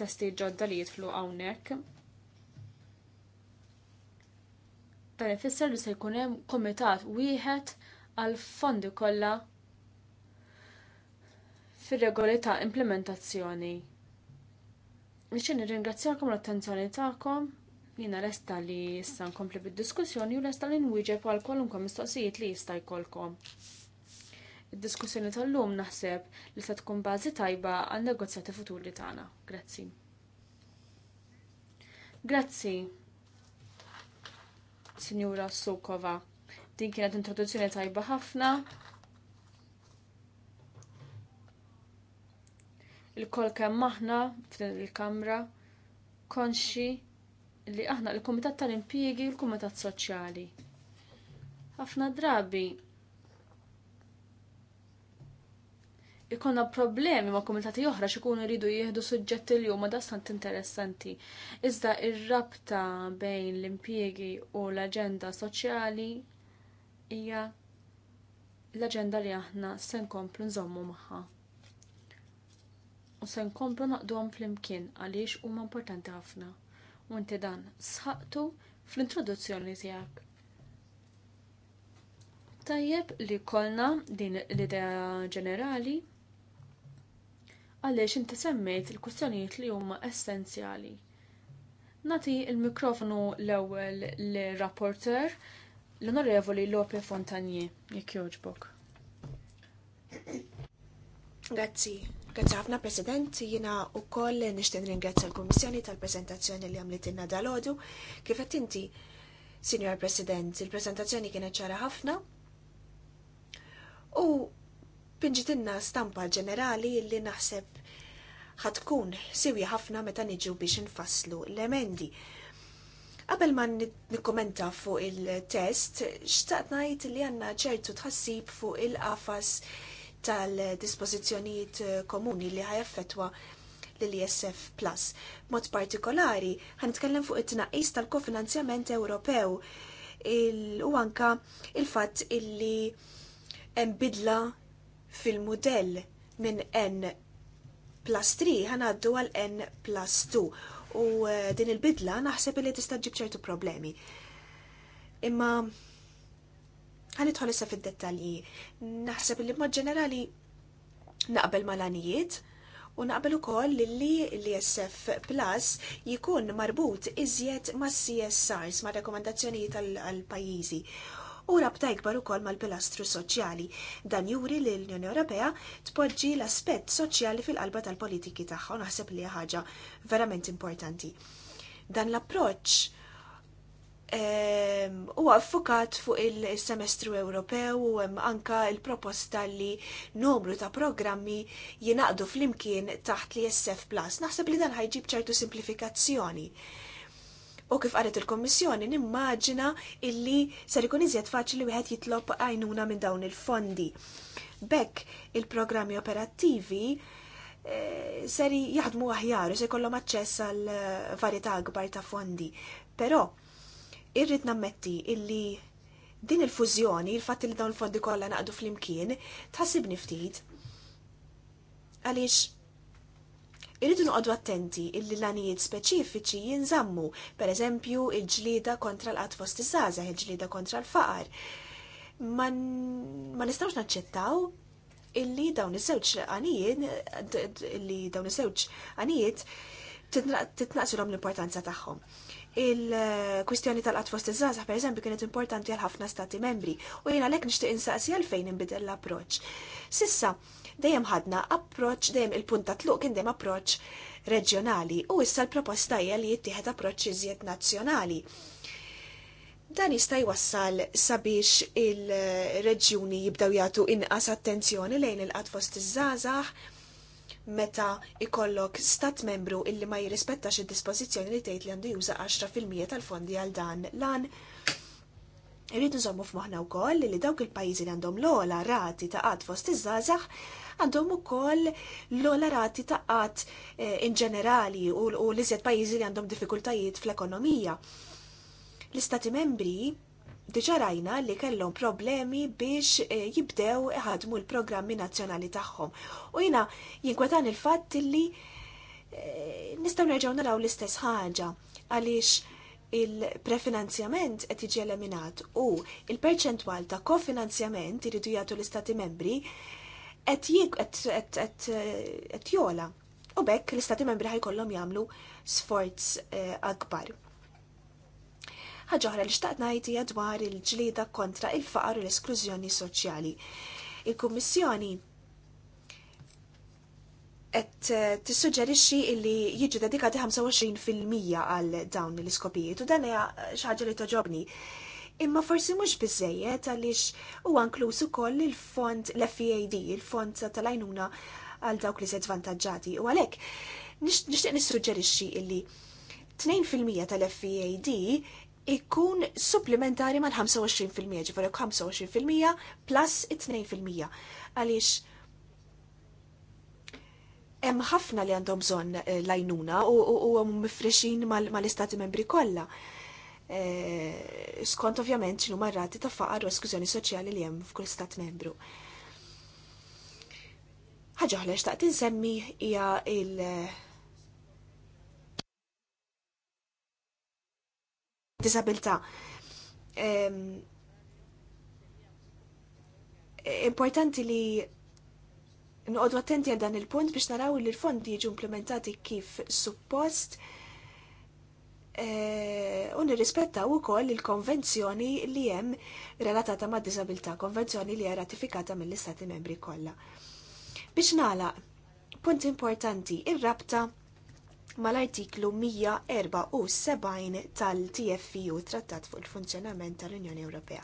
Speaker 2: testi ġodda li jidħlu hawnhekk. Dan ifisser li se jkun hemm kumitat wieħed għal fondi kollha fir-regoli ta' implementazzjoni. Nixin nirringrazzjakom l-attenzjoni tagħkom jina lesta li issa nkompli bid-diskussjoni u lesta li nwieġeb għal kolunkom mistoqsijiet li jista' jkollkom. Id-diskussjoni tal-lum naħseb li se tkun bażi tajba għal negozjati futuri tagħna. Grazzi. Grazzi, Sinjura Sukova. Din kienet introduzzjoni tajba ħafna. il-kol kemm aħna f'din il-kamra konxi li aħna l kumitat tal-Impjiegi u l-Kumitat Soċjali. Ħafna drabi ikonna problemi ma' komitati oħra xikunu jridu jieħdu suġġetti li huma dastant interessanti. Iżda ir-rabta bejn l-impjiegi u l-aġenda soċjali hija l-aġenda li aħna se nkomplu nżommu magħha. U se nkomplu naqduhom flimkien għaliex huma importanti ħafna. U inti dan sħaqtu fl-introduzzjoni tiegħek. Tajjeb li kolna din l-idea ġenerali għaliex inti semmejt il-kwistjonijiet li huma essenzjali. Nati il-mikrofonu l-ewwel l-rapporter l-Onorevoli Lope
Speaker 3: Fontanier, jekk jogħġbok. Grazzi. Grazzi ħafna President, jina u koll nishtin ringrazzja l komissjoni tal-prezentazzjoni li għamlit inna dal-ħodu. Kifet inti, Signor President, il-prezentazzjoni kienet ċara ħafna. U pinġitinna stampa ġenerali li naħseb ħatkun siwi ħafna meta niġu biex nfasslu l-emendi. Qabel ma nikkomenta fuq il-test, xtaqt ngħid li għandna ċertu tħassib fuq il-qafas tal-dispożizzjonijiet eh, komuni li ħajaffetwa l-ISF Plus. Mod partikolari, ħanitkellem fuq it tnaqis tal-kofinanzjament Ewropew u anka il-fatt illi hemm bidla fil-modell minn n plus 3 ħanaddu għal n plus 2 u eh, din il-bidla naħseb li tista' ġib ċertu problemi. Imma idħol issa fid-dettalji. Naħseb li mod ġenerali naqbel malanijiet u naqbel ukoll li l-ISF Plus jikun marbut iżjed ma' CSRs, ma' rekomendazzjonijiet tal-pajjiżi u rabta ikbar ukoll mal-pilastru soċjali. Dan juri li l-Unjoni Ewropea tpoġġi l-aspett soċjali fil-qalba tal-politiki tagħha u naħseb li ħaġa verament importanti. Dan l-approċċ ehm, huwa affukat fuq il-semestru Ewropew u hemm anka il-proposta li numru ta' programmi jinaqdu flimkien taħt li isf Plus. Naħseb li dan ħajġib ċertu simplifikazzjoni U kif qalet il-Kommissjoni nimmaġina illi ser ikun iżjed faċli wieħed jitlob għajnuna minn dawn il-fondi. Bekk il-programmi operattivi eh, ser jaħdmu aħjar, u se kollhom aċċess għal eh, varjetà akbar ta' fondi. Però irrid nammetti illi din il-fużjoni, il-fatt li dawn il-fondi kollha naqdu fl-imkien, tħassibni ftit. Għaliex Irridu noqogħdu attenti illi l-għanijiet speċifiċi jinżammu, per eżempju il-ġlida kontra l-qatt fost iż-żgħażagħ, il-ġlida kontra l-faqar. Ma nistgħux naċċettaw illi dawn iż-żewġ għanijiet illi dawn iż-żewġ għanijiet titnaqsilhom l-importanza tagħhom. Il-kwistjoni tal-qatt fost iż-żgħażagħ pereżempju kienet importanti għal ħafna stati membri u jiena lek nixtieq insaqsi għalfejn inbidel l-approċċ. Sissa, dejjem ħadna approċ, dejjem il-punta tluq kien dejjem approċ reġjonali u issa l-proposta hija li jittieħed approċ iżjed nazzjonali. Dan jista' jwassal sabiex il-reġjuni jibdew jagħtu inqas attenzjoni lejn il-qatt fost iż-żgħażagħ meta ikollok stat membru illi ma jirrispettax id-dispożizzjoni li tgħid li għandu juża 10% tal-fondi għal dan lan. Irrid nżommu f'moħħna wkoll li dawk il-pajjiżi li għandhom l-ogħla rati ta' qatt fost iż-żgħażagħ għandhom ukoll l-ola rati ta' qatt eh, in ġenerali u l-iżjed pajjiżi li għandhom diffikultajiet fl-ekonomija. L-istati membri diġa rajna li kellhom problemi biex eh, jibdew iħadmu l-programmi nazzjonali tagħhom. U jina jinkwetan il-fatt li eh, nistgħu nerġgħu naraw l-istess ħaġa għaliex il-prefinanzjament qed jiġi eliminat u il-perċentwal ta' kofinanzjament iridu jagħtu l-istati membri qed jik eh, qed jola. U bekk l-istati membri ħajkollhom jagħmlu sforz eh, akbar. Ħaġa oħra li xtaqt ngħid hija dwar il-ġlieda kontra il-faqar u l-esklużjoni soċjali. Il-Kummissjoni qed eh, tissuġġerixxi li jiġu dedikati 25% għal dawn l-iskopijiet u dan hija xi ħaġa li toġobni imma forsi mhux biżejjed għaliex huwa nklus ukoll il-fond l fad e il-fond tal-għajnuna għal dawk li se zvantagġati. U għalhekk nixtieq nissuġġerixxi illi 2% tal fad ikun supplementari mal-25%, ġifieri 25% plus 2%. Għaliex hemm ħafna li għandhom bżonn eh, lajnuna u għom mifrexin mal-istati membri kollha. Eh, skont ovvjament xinu marrati ta' faqar u esklużjoni soċjali li hemm f'kull stat membru. Ħaġa ħlex xtaqt insemmi hija il disabilità. Importanti li noqogħdu attenti għal dan il-punt biex naraw li l-fondi jiġu implementati kif suppost Eh, u nirrispettaw ukoll il-konvenzjoni li hemm relatata ma' disabilità, konvenzjoni li hija ratifikata mill-Istati membri kollha. Biex nala, punt importanti, il rabta mal-artiklu 174 tal-TFU, Trattat fuq il-Funzjonament tal-Unjoni Ewropea.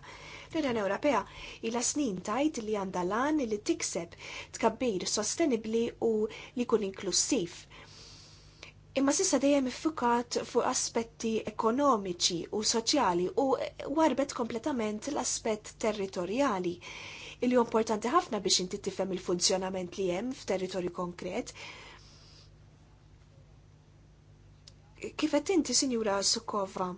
Speaker 3: L-Unjoni Ewropea ilha snin tajt li għandha lan li tikseb tkabbir sostenibbli u li jkun inklusiv imma sissa dejjem iffukat fuq aspetti ekonomiċi u soċjali u warbet kompletament l-aspett territorjali. Il importanti ħafna biex inti tifhem il-funzjonament li hemm f'territorju konkret. Kif qed inti, Sinjura Sukova,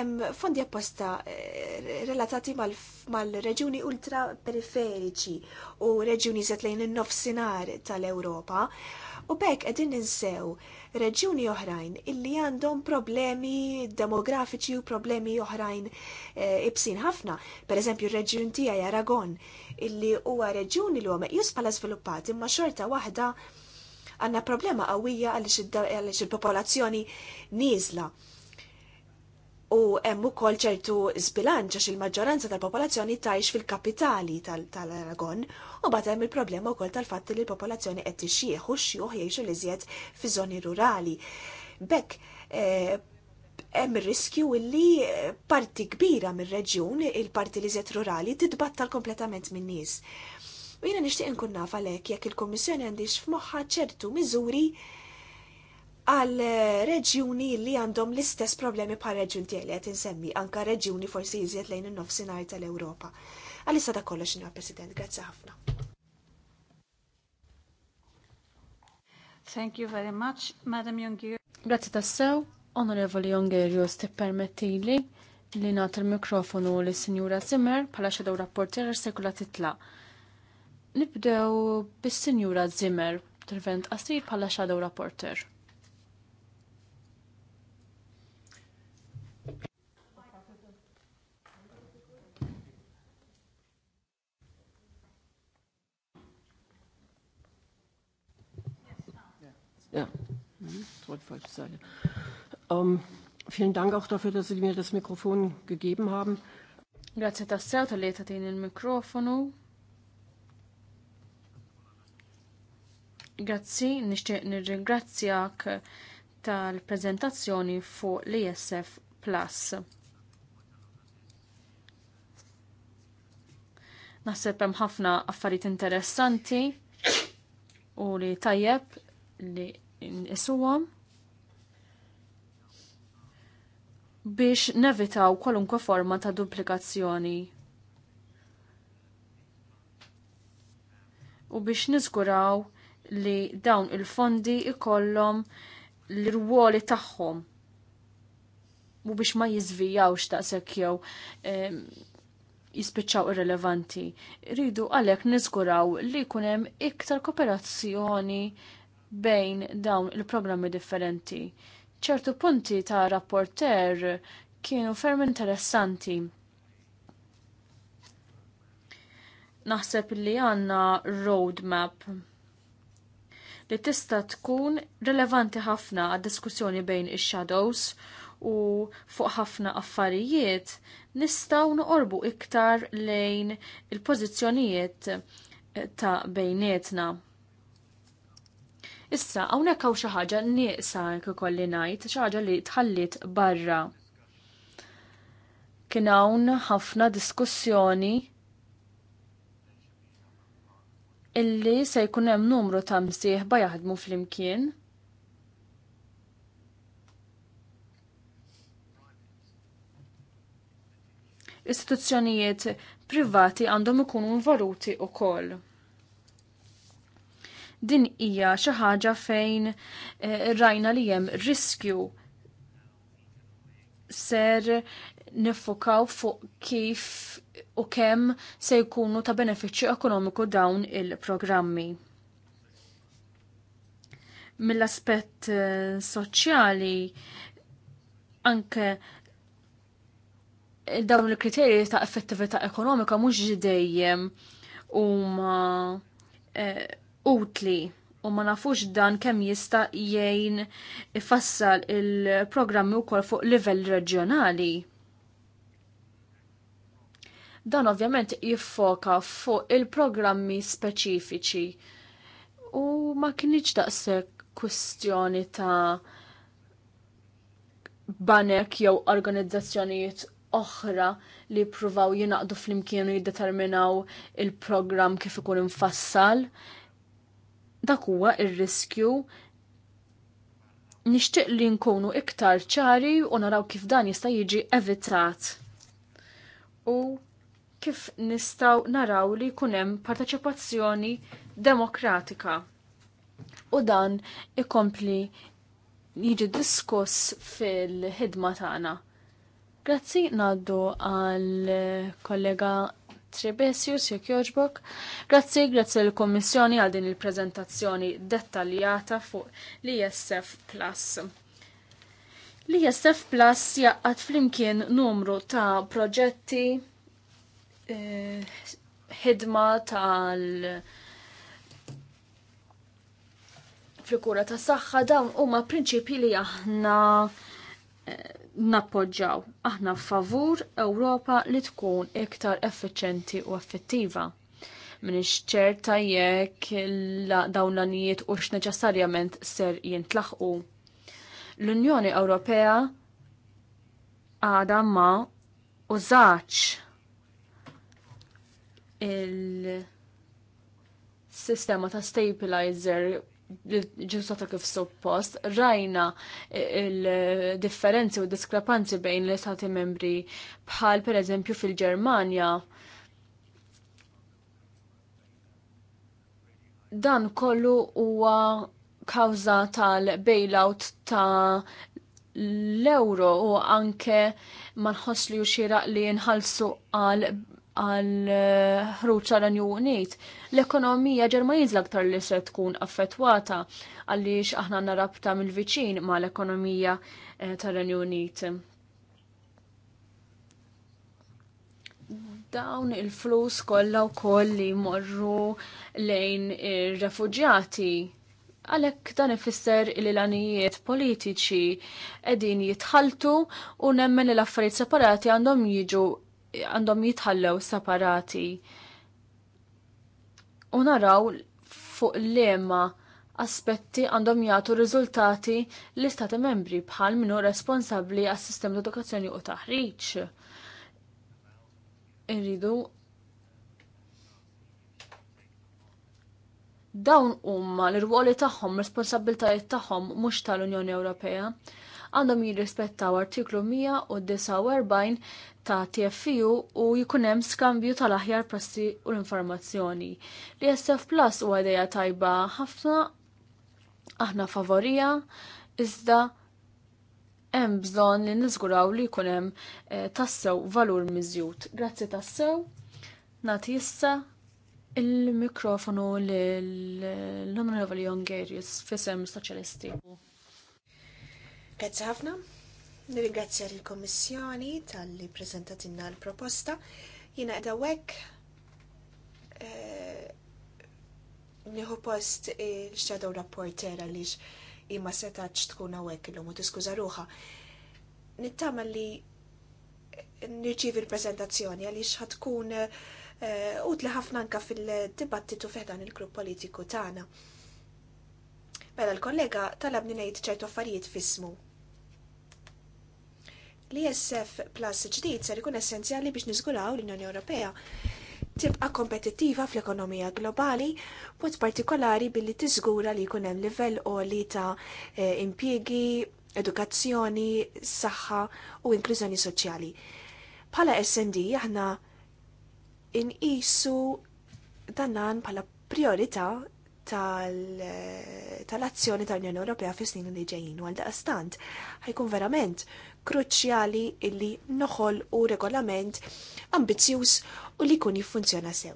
Speaker 3: hemm fondi apposta eh, relatati mal-reġuni ultra periferiċi u reġuni zet lejn in-nofsinhar tal-Ewropa u bekk qegħdin ninsew reġjuni oħrajn illi għandhom problemi demografiċi u problemi oħrajn e, ibsin ħafna. Per eżempju, reġjuni tiegħi Aragon illi huwa reġjuni li għome jusbala bħala żviluppat imma xorta waħda għandna problema qawwija għalix il-popolazzjoni nizla u hemm ukoll ċertu zbilanċ għax il-maġġoranza tal-popolazzjoni tgħix fil-kapitali tal-Aragon u bagħad hemm il-problema wkoll tal-fatt li l-popolazzjoni qed tixjieħ u x-xjuħ jgħixu li żjed fi żoni rurali. Bekk eh, hemm riskju li eh, parti kbira mir-reġjun, il-parti li żjed rurali, titbattal kompletament min-nies. U jiena nixtieq inkun naf għalhekk jekk il-Kummissjoni għandix f'moħħa ċertu miżuri għal reġjuni li għandhom l-istess problemi bħal reġjun tiegħi li qed insemmi, anka reġjuni forsi jiżjed lejn in-nofsinhar tal-Ewropa. Għalissa da kollox inha President, grazzi ħafna. Thank you very much, Madam
Speaker 2: Junger. Grazzi tassew, Onorevoli Jongerius, tippermettili li nagħt il-mikrofonu li Sinjura Zimmer bħala rapporti rapporter sekula titla. Nibdew bis-Sinjura Zimmer, intervent qasir bħala xadow rapporter.
Speaker 1: Ja, mhm, das falsch sein. Ähm, vielen Dank auch dafür, dass Sie mir das Mikrofon gegeben
Speaker 2: haben. Grazie tassew tal-li tatin il-mikrofonu. Grazzi, nixtieq nirringrazzjak tal-prezentazzjoni fuq l'ISF Plus. Nasseb hemm ħafna affarijiet interessanti u li tajjeb li nqisuhom biex nevitaw kwalunkwe forma ta' duplikazzjoni u biex niżguraw li dawn il-fondi ikollhom l-irwoli tagħhom u biex ma jizvijawx daqshekk jew jispiċċaw irrelevanti. Ridu għalhekk niżguraw li jkun hemm iktar kooperazzjoni bejn dawn il-programmi differenti. ċertu punti ta' rapporter kienu ferm interessanti. Naħseb li għanna roadmap li tista tkun relevanti ħafna għad diskussjoni bejn ix-shadows u fuq ħafna affarijiet nistaw noqorbu iktar lejn il-pożizzjonijiet ta' bejnietna. Issa, hawnhekk hawn xi ħaġa nieqsa ikolli ngħid, xi ħaġa li tħallit barra. Kien hawn ħafna diskussjoni illi se jkun hemm numru ta' msieħba jaħdmu flimkien. istituzzjonijiet privati għandhom ikunu involuti u koll din hija xi ħaġa fejn eh, rajna li hemm riskju ser nifukaw fuq kif u kemm se jkunu ta' benefiċċju ekonomiku dawn il-programmi. Mill-aspett eh, soċjali anke eh, dawn il-kriterji ta' effettività ekonomika mhux dejjem huma utli u ma nafux dan kemm jista' jgħin ifassal il-programmi wkoll fuq livell reġjonali. Dan ovvjament jiffoka fuq il-programmi speċifiċi u ma kienx daqshekk kwistjoni ta' banek jew organizzazzjonijiet oħra li pruvaw jinaqdu fl u jiddeterminaw il-programm kif ikun infassal dak huwa ir-riskju nixtieq li nkunu iktar ċari u naraw kif dan jista' jiġi evitat. U kif nistaw naraw li jkun hemm parteċipazzjoni demokratika. U dan ikompli jiġi diskuss fil-ħidma tagħna. Grazzi ngħaddu għal kollega Trebesius, jek joġbok. Grazzi, grazzi l-Kommissjoni għal din il-prezentazzjoni dettaljata fuq l-ISF Plus. L-ISF Plus jaqqat flimkien numru ta' proġetti eh, ħidma eh, tal fil-kura ta' saħħa dawn huma prinċipji li aħna nappoġġaw. Aħna favur Ewropa li tkun iktar effiċenti u effettiva. Min ċerta jekk dawn dawnanijiet ux u x-neċessarjament ser jintlaħqu. L-Unjoni Ewropea għada ma użax il- sistema ta' stabilizer ġusata kif suppost, rajna il-differenzi u diskrepanzi bejn l-istati membri bħal per eżempju fil-Germania. Dan kollu huwa kawza tal-bailout ta' l-euro u anke ma nħossli xiraq li nħalsu għal għal eh, ħruċ għal New Unit. L-ekonomija ġermajiz l-aktar li se tkun affettwata għaliex aħna narabta mill-viċin ma l-ekonomija eh, tal-New Unit. Dawn il-flus kollha wkoll li morru lejn ir-refuġjati għalek dan ifisser il-lanijiet politiċi edin jitħaltu u nemmen l-affarijiet separati għandhom jiġu għandhom jitħallew separati. U naraw fuq lema aspetti għandhom jagħtu riżultati l-istati membri bħal minnu responsabbli għas sistem edukazzjoni u taħriġ. Irridu dawn huma l-irwoli tagħhom, responsabiltajiet tagħhom mhux tal-Unjoni Ewropea għandhom jirrispettaw artiklu 149 ta' TFU u jkun hemm skambju tal-aħjar prassi u l-informazzjoni. Li SF Plus huwa idea tajba ħafna aħna favorija iżda hemm bżonn li niżguraw li jkun hemm eh, tassew valur miżjud. Grazzi tassew. Nati issa il-mikrofonu l-Onorevoli Jongerius fisem soċjalisti.
Speaker 3: Grazie ħafna. Nirringrazzja l-Kommissjoni tal-li prezentatinna l-proposta. Jina edha wek eh, nieħu post il-Shadow Rapporter għaliex imma setax tkun hawnhekk illum u tiskuża ruħa. Nittama li nirċiv l-prezentazzjoni għaliex ħatkun eh, utli ħafna anka fil-dibattitu fiħdan il-grupp politiku tagħna. Mela l-kollega talabni ngħid ċertu affarijiet fismu L-ISF Plus ġdid ser ikun essenzjali biex niżguraw l-Unjoni Ewropea tibqa kompetittiva fl-ekonomija globali, mod partikolari billi tiżgura li jkun hemm livell għoli ta' eh, impjiegi, edukazzjoni, saħħa u inklużjoni soċjali. Bħala SND aħna inqisu dan bħala priorità Eh, tal-azzjoni tal-Unjoni Ewropea fis snin li ġejjin u għaldaqstant ħajkun verament kruċjali illi noħol u regolament ambizzjuż u li jkun jiffunzjona sew.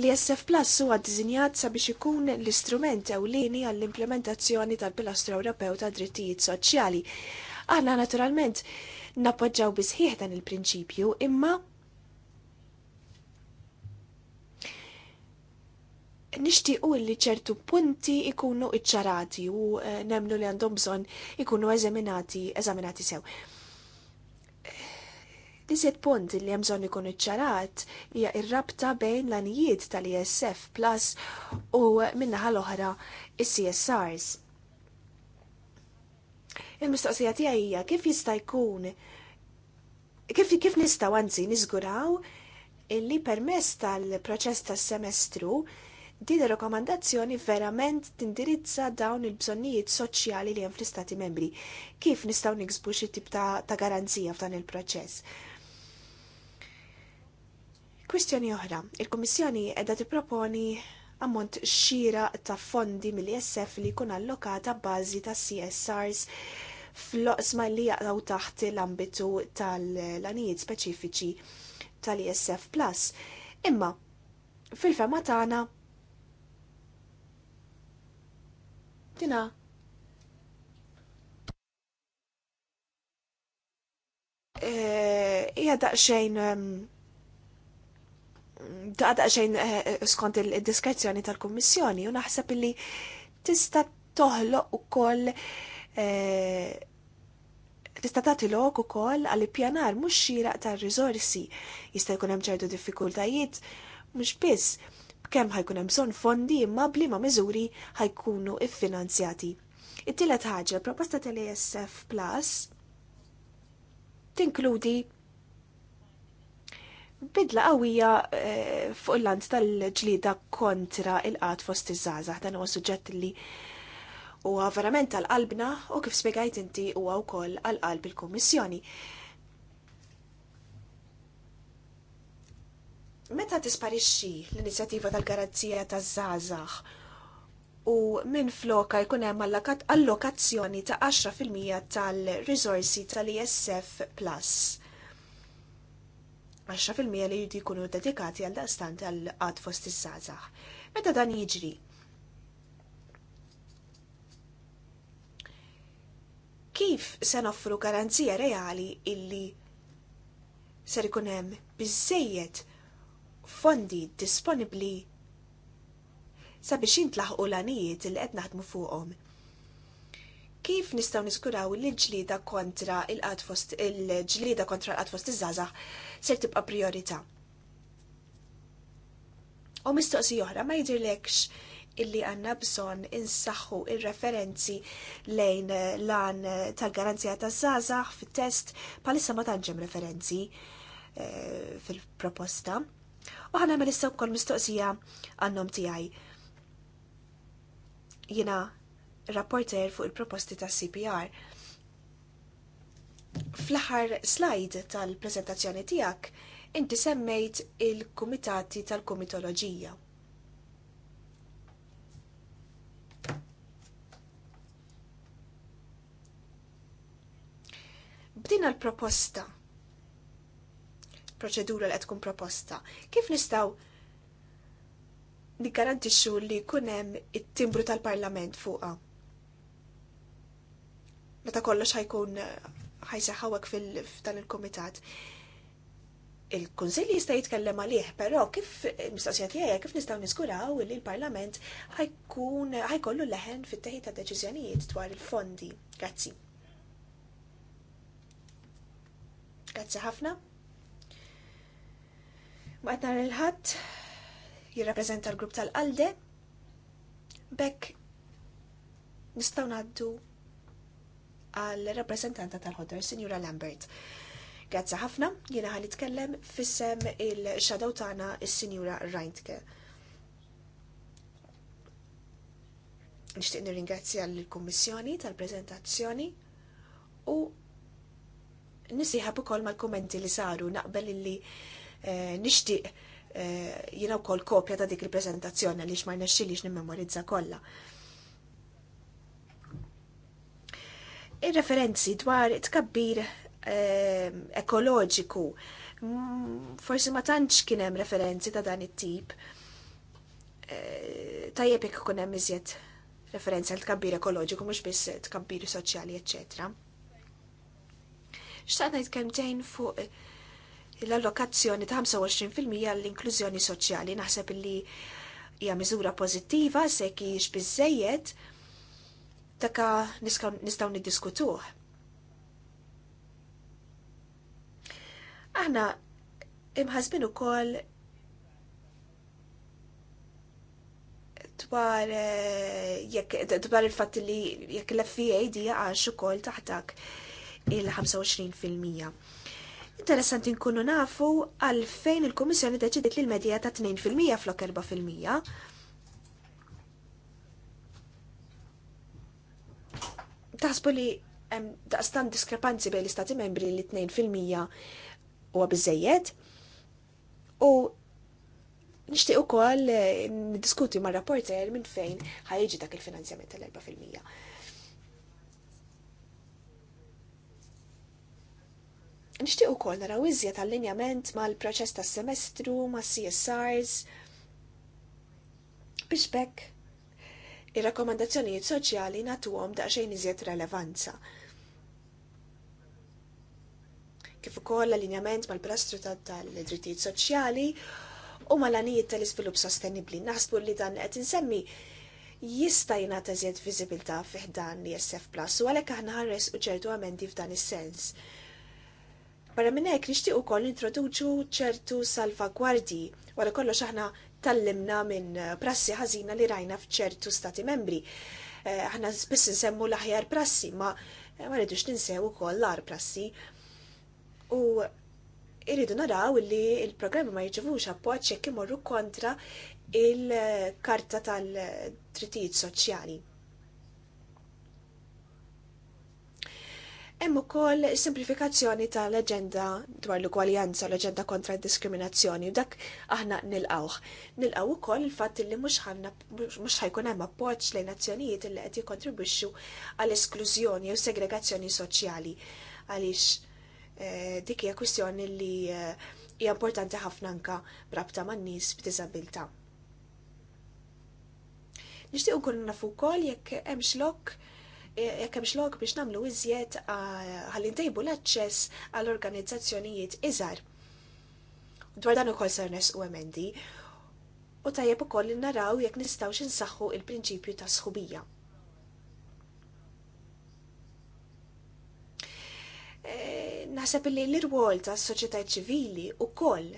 Speaker 3: L-ISF Plus huwa ddisinjat sabiex ikun l-istrument ewlieni għall-implementazzjoni tal-Pilastru Ewropew ta' Drittijiet Soċjali. Aħna naturalment nappoġġaw bisħieħ dan il-prinċipju imma nixtiequ li ċertu punti ikunu iċċarati u eh, nemlu li għandhom bżonn ikunu eżaminati, eżaminati sew. Dizet punt li hemm bżonn ikun iċċarat hija r-rabta bejn l-anijiet tal-ISF Plus u minnaħa l-oħra is-CSRs. Il-mistoqsija tiegħi hija kif jista' jkun kif kif nistgħu anzi niżguraw illi permess tal-proċess tas-semestru din ir-rakkomandazzjoni verament tindirizza dawn il-bżonnijiet soċjali li hemm fl-Istati membri. Kif nistgħu niksbu xi tip ta', ta garanzija f'dan il-proċess? Kwistjoni oħra, il-Kummissjoni qiegħda tipproponi ammont xira ta' fondi mill-ISF li jkun allokata bażi ta' CSRs fl-oqsma li jaqgħu taħt l-ambitu tal-lanijiet speċifiċi tal-ISF Plus. Imma, fil-fema tagħna Tina. Eh, Ija daqxejn daqxejn eh, skont il-diskrezzjoni tal-Kommissjoni u naħseb li tista toħloq ukoll eh, tista tagħti lok ukoll għal ippjanar mhux xieraq tar-riżorsi. Jista' jkun hemm ċertu diffikultajiet mhux biss kemm ħajkun hemm bżonn fondi imma bliema miżuri ħajkunu iffinanzjati. It-tielet ħaġa, proposta tal-ESF Plus tinkludi bidla qawwija eh, fuq il tal-ġlida kontra il-qat fost iż-żgħażagħ dan huwa suġġett li huwa verament għal qalbna u kif spjegajt inti huwa wkoll għal qalb il-Kummissjoni. Meta tisparixxi l-inizjattiva tal-garanzija taż-żgħażagħ u minn floka jkun hemm allokazzjoni ta' 10% tal-riżorsi tal-ISF Plus. 10% li jridu jkunu dedikati għal daqstant għal qatt fost iż-żgħażagħ. Meta dan jiġri, kif se noffru garanzija reali illi ser ikun hemm biżejjed fondi disponibli sabiex jintlaħqu l-anijiet li qed naħdmu fuqhom. Kif nistgħu niskuraw li l-ġlida kontra il-qad fost il-ġlida kontra l-qad fost iż-żgħażagħ ser tibqa' priorità. U mistoqsi oħra ma jidhirlekx illi għanna bżon insaħħu il-referenzi lejn lan tal-garanzija ta' zazax fit-test palissa ma tanġem referenzi eh, fil-proposta. U ħana ma issa wkoll mistoqsija għannom tiegħi. Jiena rapporter fuq il-proposti ta' CPR. Fl-aħħar slide tal-preżentazzjoni tiegħek inti semmejt il-kumitati tal komitologija Bdina l-proposta il-proċedura li qed tkun proposta. Kif nistgħu niggarantixxu li jkun hemm it-timbru tal-Parlament fuqha? Meta kollox ħajkun eh, ħajseħawek fil f'dan il-komitat. Il-Kunsill jista' jitkellem għalih, però kif mistoqsija tiegħi kif nistgħu niskuraw li l-Parlament ħajkun ħajkollu leħen fit teħi ta' deċiżjonijiet dwar il-fondi. Grazzi. Grazzi ħafna. Waqt nhar il-ħadd jirrappreżenta l-grupp tal-Alde. Bekk nistgħu ngħaddu għal-rappreżentanta tal ħodder Signora Lambert. Grazzi ħafna, jiena ħalli tkellem, fissem il xadaw tagħna is-Sinjura Reintke. Nixtieq nirringrazzja l-Kummissjoni tal-preżentazzjoni u nisiħab ukoll mal-kummenti li saru naqbel illi Eh, nixtieq eh, jiena wkoll kopja ta' dik il-preżentazzjoni għaliex ma li nimmemorizza kollha. Ir-referenzi dwar tkabbir ehm, ekoloġiku mm, forsi ma tantx kien hemm referenzi ta' dan it-tip. Eh, tajjeb jekk ikun hemm iżjed referenzi għal tkabbir ekoloġiku mhux biss tkabbir soċjali, eccetera. Xtaqt jitkemtejn kemmtejn fuq l-allokazzjoni ta' 25% għall-inklużjoni soċjali. Naħseb li hija miżura pożittiva se kiex biżejjed taka nistgħu niddiskutuh. Aħna imħasbin ukoll dwar eh, jekk dwar il-fatt li jekk l-FVA dija għax ukoll taħtak il-25%. Interessanti nkunu nafu għalfejn il-Komissjoni deċidiet li l-medja ta' 2% flok 4%. Taħsbu li daqstan diskrepanzi bejn l-Istati membri li 2% huwa biżejjed u nixtieq ukoll eh, niddiskuti ma' rapporter minn fejn ħajġi dak il-finanzjament tal-4%. Nixtieq ukoll naraw tal-linjament allinjament mal-proċess tas-semestru, ma' csrs biex bekk ir-rakkomandazzjonijiet soċjali nagħtuhom xejn iżjed relevanza kif ukoll l-allinjament mal-pilastru tal-drittijiet soċjali u mal-għanijiet tal-iżvilupp sostenibbli. Naħsbu li dan qed insemmi jista' jingħata eżjed viżibilità fih dan l-ISF Plus u għalhekk aħna ħares u ċertu amendi f'dan is-sens. Barra minn hekk nixtieq ukoll introduċu ċertu salvagwardji wara kollox aħna tallimna minn eh, prassi ħażina li rajna f'ċertu stati membri. Eh, aħna spiss nsemmu l-aħjar prassi, ma eh, ma rridux ninsew ukoll l-ar prassi. U irridu naraw li il-programmi ma jiġivux appoġġ jekk imorru kontra il-karta tal-drittijiet soċjali. Hemm ukoll simplifikazzjoni tal-leġenda dwar l-ugwaljanza, l-leġenda kontra d-diskriminazzjoni, u dak aħna nilqawh. Nilqaw ukoll il-fatt li mhux ħajkun hemm appoġġ lejn azzjonijiet li qed jikkontribwixxu għall-esklużjoni jew segregazzjoni soċjali għaliex eh, dik hija kwistjoni li eh, hija importanti ħafna anka b'rabta man-nies b'diżabilità. Nixtieq ukoll nafu wkoll jekk hemmx lok jekk hemmx x'lok biex nagħmlu iżjed ħalli ntejbu l-aċċess għall organizzazzjonijiet iżgħar. Dwar dan ukoll ser u emendi, u tajjeb ukoll naraw jekk nistgħux insaħħu il-prinċipju ta' sħubija. E, naħseb li l-irwol ta' soċjetà ċivili ukoll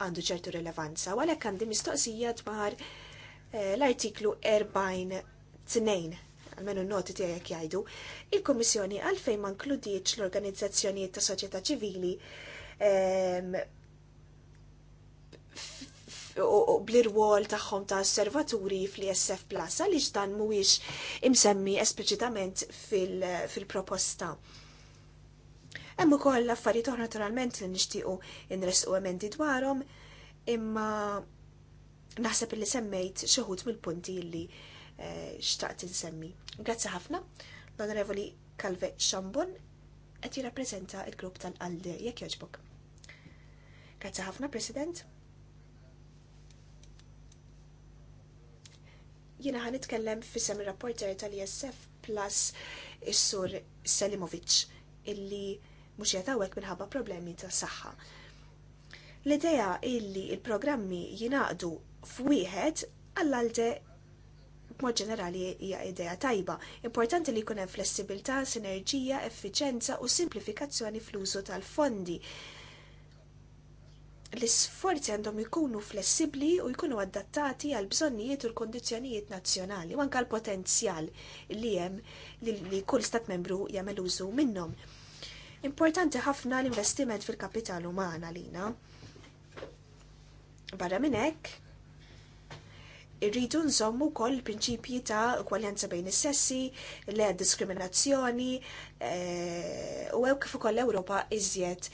Speaker 3: għandu ċertu rilevanza, u għalhekk għandi mistoqsija dwar e, l-artiklu 42 għalmenu noti tiegħek jgħidu, il-Kummissjoni għalfejn ma nkludiċ l-organizzazzjonijiet ta' soċjetà ċivili ehm, u bl-irwol tagħhom ta' osservaturi fl-ISF Plus għaliex dan mhuwiex imsemmi espliċitament fil-proposta. Hemm ukoll affarijiet oħra naturalment li nixtiequ inresqu emendi dwarhom, imma naħseb li semmejt xi ħut mill-punti li Eh, xtaqt insemmi. Grazzi ħafna, l-Onorevoli Kalve Xambon qed jirrappreżenta il-grupp tal-Alde jekk joġbok. Grazzi ħafna, President. Jiena ħan nitkellem fissem ir-rapporter tal-ISF Plus is-sur Selimovic illi mhux jatawek minħabba problemi ta' saħħa. L-idea illi il-programmi jinaqdu f'wieħed għall-alde b'mod ġenerali hija idea tajba. Importanti li jkun hemm flessibilità, sinerġija, effiċenza u simplifikazzjoni fl-użu tal-fondi. L-isforzi għandhom ikunu flessibli u jkunu adattati għal bżonnijiet u l-kondizjonijiet nazzjonali u anke l potenzjal li hemm li kull stat membru jagħmel użu minnhom. Importanti ħafna l-investiment fil-kapital umana lina. Barra minn hekk, irridu nżommu kol prinċipji ta' kwaljenza bejn is-sessi, le diskriminazzjoni eh, u hemm kif ukoll Ewropa iżjed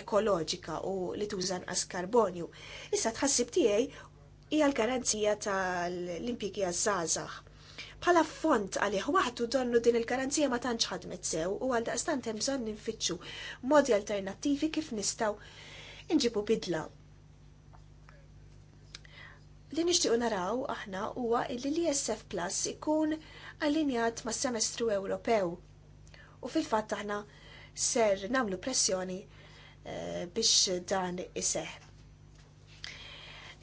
Speaker 3: ekoloġika u li tuża nqas karbonju. Issa tħassib tiegħi hija l-garanzija tal-impjegi għaż-żgħażagħ. Bħala font għalih waħdu donnu din il-garanzija ma tantx ħadmet sew u għal daqstant hemm bżonn ninfittxu modi alternattivi kif nistgħu inġibu bidla li nixtiequ naraw aħna huwa li l-ISF Plus ikun allinjat mas semestru Ewropew. U fil-fatt aħna ser nagħmlu pressjoni eh, biex dan iseħ.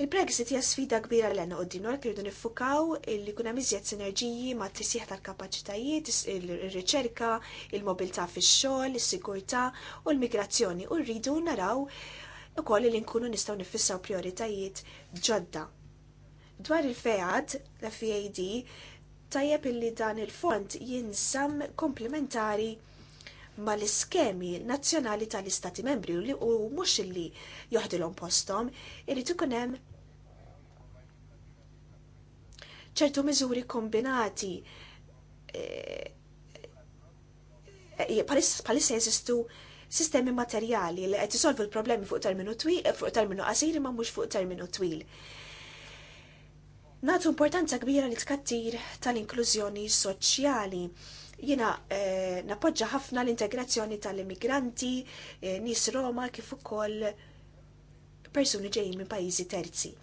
Speaker 3: Il-Brexit hija sfida kbira l għandna dinor għal nifukaw niffukaw li jkun hemm sinerġiji ma mat tisjeħ tal-kapaċitajiet, ir-riċerka, il mobilta fix-xogħol, is-sigurtà u l-migrazzjoni u rridu naraw ukoll li nkunu nistgħu nifissaw prioritajiet ġodda Dwar il-FEAD, e l fad tajjeb illi dan il-fond jinsam komplementari ma l-iskemi nazzjonali tal-istati membri u li u mux illi joħdilhom postom, irrid ikun hemm ċertu miżuri kombinati eh, eh, palissa jesistu sistemi materjali li qed isolvu l-problemi fuq terminu twil, fuq terminu qasir ma mhux fuq terminu twil. Natu importanza kbira li tkattir tal-inklużjoni soċjali. Jina eh, napoġġa ħafna l-integrazzjoni tal-immigranti, eh, nis Roma kif ukoll persuni ġejjin minn pajjiżi terzi.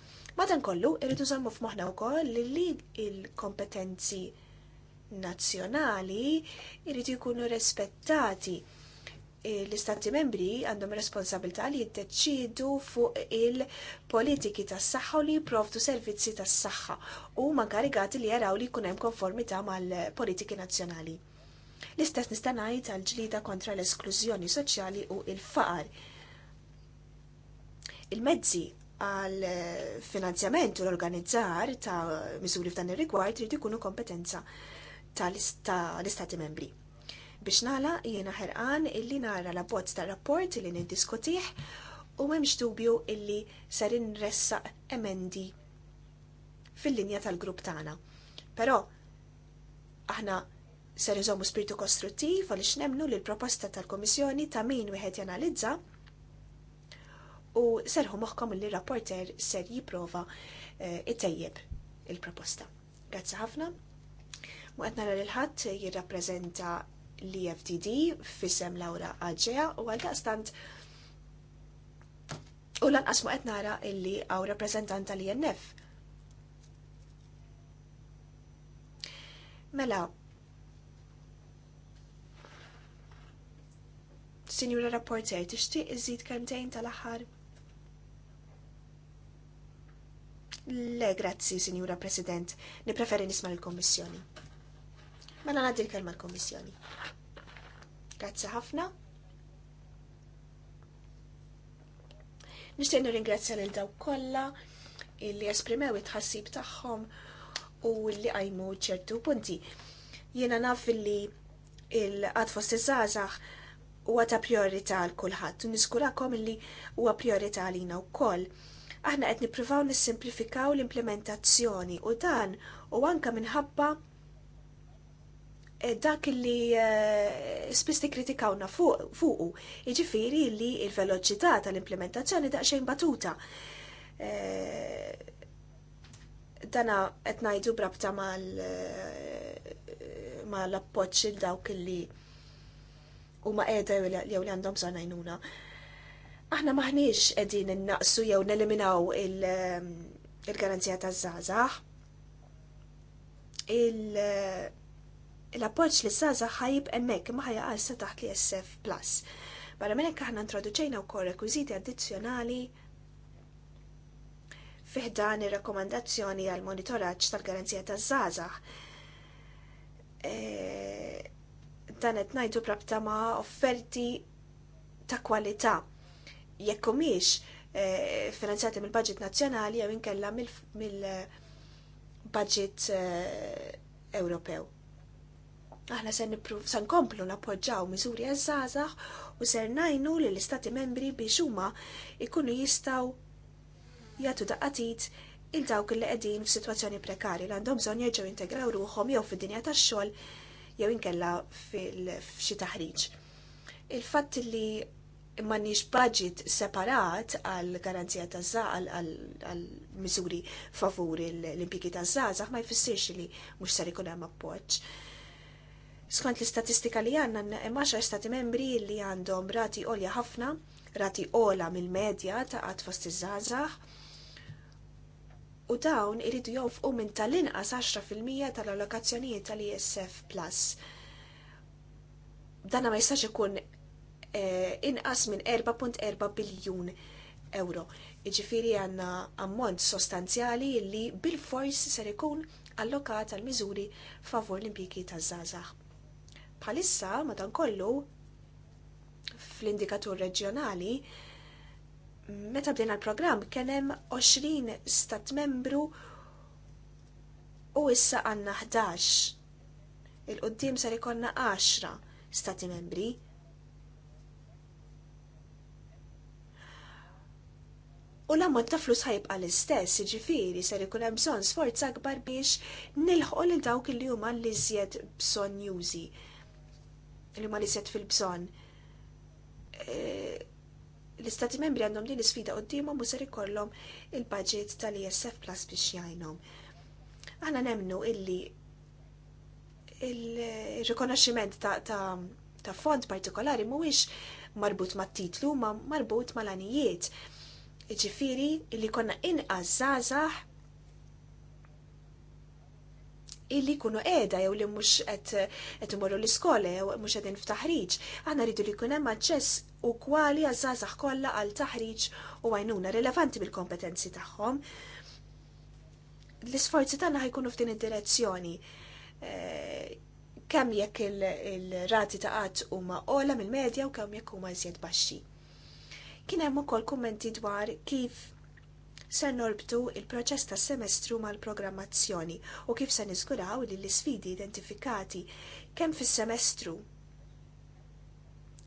Speaker 3: Madankollu irridu żammu f'moħħna wkoll li l-kompetenzi nazzjonali irridu jkunu rispettati Eh, l-istati membri għandhom responsabilità li jitteċidu fuq il-politiki tas saħħa u li jipprovdu servizzi tas saħħa u ma karigati li jaraw li jkun hemm konformità mal-politiki nazzjonali. L-istess nista' ngħid ġlida kontra l-esklużjoni soċjali u l faqar Il-mezzi għal finanzjament u l-organizzar ta' miżuri f'dan ir-rigward jridu kompetenza tal-istati membri. Biex nala jiena ħerqan illi nara la bozz ta' rapport illi niddiskutih u memx dubju illi ser inressaq emendi fil-linja tal-grupp tagħna. Però aħna ser iżommu spiritu kostruttiv għaliex nemnu li l-proposta tal-Komissjoni ta' min wieħed janalizza u serħu moħħkom li rapporter ser jipprova eh, itejjeb il-proposta. Grazzi ħafna. Muqet nara l-ħadd jirrappreżenta l-EFTD fissem Laura Aġea u għal-daqstant u lanqas ma qed nara illi għaw reprezentanta tal jennef. Mela, Signora Rapporter, tixtieq iżid kemtejn tal-aħħar? Le, grazzi, Sinjura President. preferi nisma' l-Kommissjoni. Mela għaddi l-kelma l-Komissjoni. Grazzi ħafna. Nishtiq nirringrazzja lil dawk kollha illi esprimew it-ħassib tagħhom u li għajmu ċertu punti. Jiena naf li il-qad fost iż-żgħażagħ huwa ta' priorità għal kulħadd u niskurakom li huwa priorità għalina wkoll. Aħna qed nippruvaw nissimplifikaw l-implementazzjoni u dan u anke minħabba Eh, dak li eh, spiss kritikawna fuqu, jiġifieri li l-veloċità tal-implementazzjoni daqsxejn batuta. Eh, dana qed ngħidu brabta mal-appoġġ il dawk li huma qiegħda jew li għandhom bżonn għajnuna. Aħna maħniex qegħdin innaqsu jew neliminaw il-garanzija taż-żgħażagħ. il l-appoġġ li s-saza ħajib emmek imma ħajaqal sa taħt li SF Plus. Barra minn hekk aħna introduċejna wkoll rekwiżiti addizzjonali fiħdan ir-rakkomandazzjoni għal monitoraġġ tal-garanzija taż-żgħażagħ. E, dan qed ngħidu brabta ma' offerti ta' kwalità. Jekk mhix e, finanzjati mill-budget nazzjonali jew inkella mill-budget e, Ewropew. Aħna se nippruv se komplu nappoġġaw miżuri għazzazax u ser najnu li l-istati membri biex huma ikunu jistaw jagħtu daqqatit il dawk li qegħdin f'sitwazzjoni prekarji li għandhom bżonn jerġgħu integraw ruhom jew fid-dinja tax-xogħol jew inkella f'xi taħriġ. Il-fatt li m'għandniex budget separat għal garanzija taż-żaqal għal miżuri favur l impiki taż-żgħażagħ ma jfissirx li mhux ser ikun hemm appoġġ Skont l-istatistika li għanna, hemm 10 stati membri li għandhom rati olja ħafna, rati ola mill-medja ta' għat fost iż żazax u dawn iridu jonfqu minn tal-inqas 10% tal-allokazzjonijiet tal-ISF Plus. Dana ma jistax ikun eh, inqas minn 4.4 biljun euro. Iġifiri għanna ammont sostanzjali li bil-fors ser ikun allokat għal miżuri favor l-impjegi taż-żazax. Bħalissa madankollu fl-indikatur reġjonali meta bdejna l-programm kien hemm 20 stat membru u issa għandna 11. Il-qoddim ser ikonna 10 stati membri. U l-ammont ta' flus ħajbqa l-istess, ġifiri, ser ikun hemm bżonn sforz akbar biex nilħu lil dawk li huma li żjed bżonn jużi li ma li set fil-bżon. Eh, l-istati membri għandhom din l-sfida qoddimhom u ser ikollhom il-budget tal-ISF Plus biex jgħinhom. Għana nemnu illi il-rikonoxximent ta', ta, ta fond partikolari mhuwiex marbut mat-titlu ma marbut mal-anijiet. Ġifiri li konna inqas zazax illi kunu edha jew li mhux qed imorru l-iskola jew mhux qed f'taħriġ. Aħna rridu li jkun hemm aċċess ukwali għaż-żgħażagħ kollha għal taħriġ u għajnuna rilevanti bil-kompetenzi tagħhom. L-isforzi tagħna ħajkunu f'din id-direzzjoni. Eh, kemm jekk il-rati ta' qatt huma ola mill-medja u kemm jekk huma żjed baxxi. Kien hemm ukoll kummenti dwar kif Se norbtu il-proċess ta' semestru mal-programmazzjoni u kif se niżguraw li l-isfidi identifikati kemm fis-semestru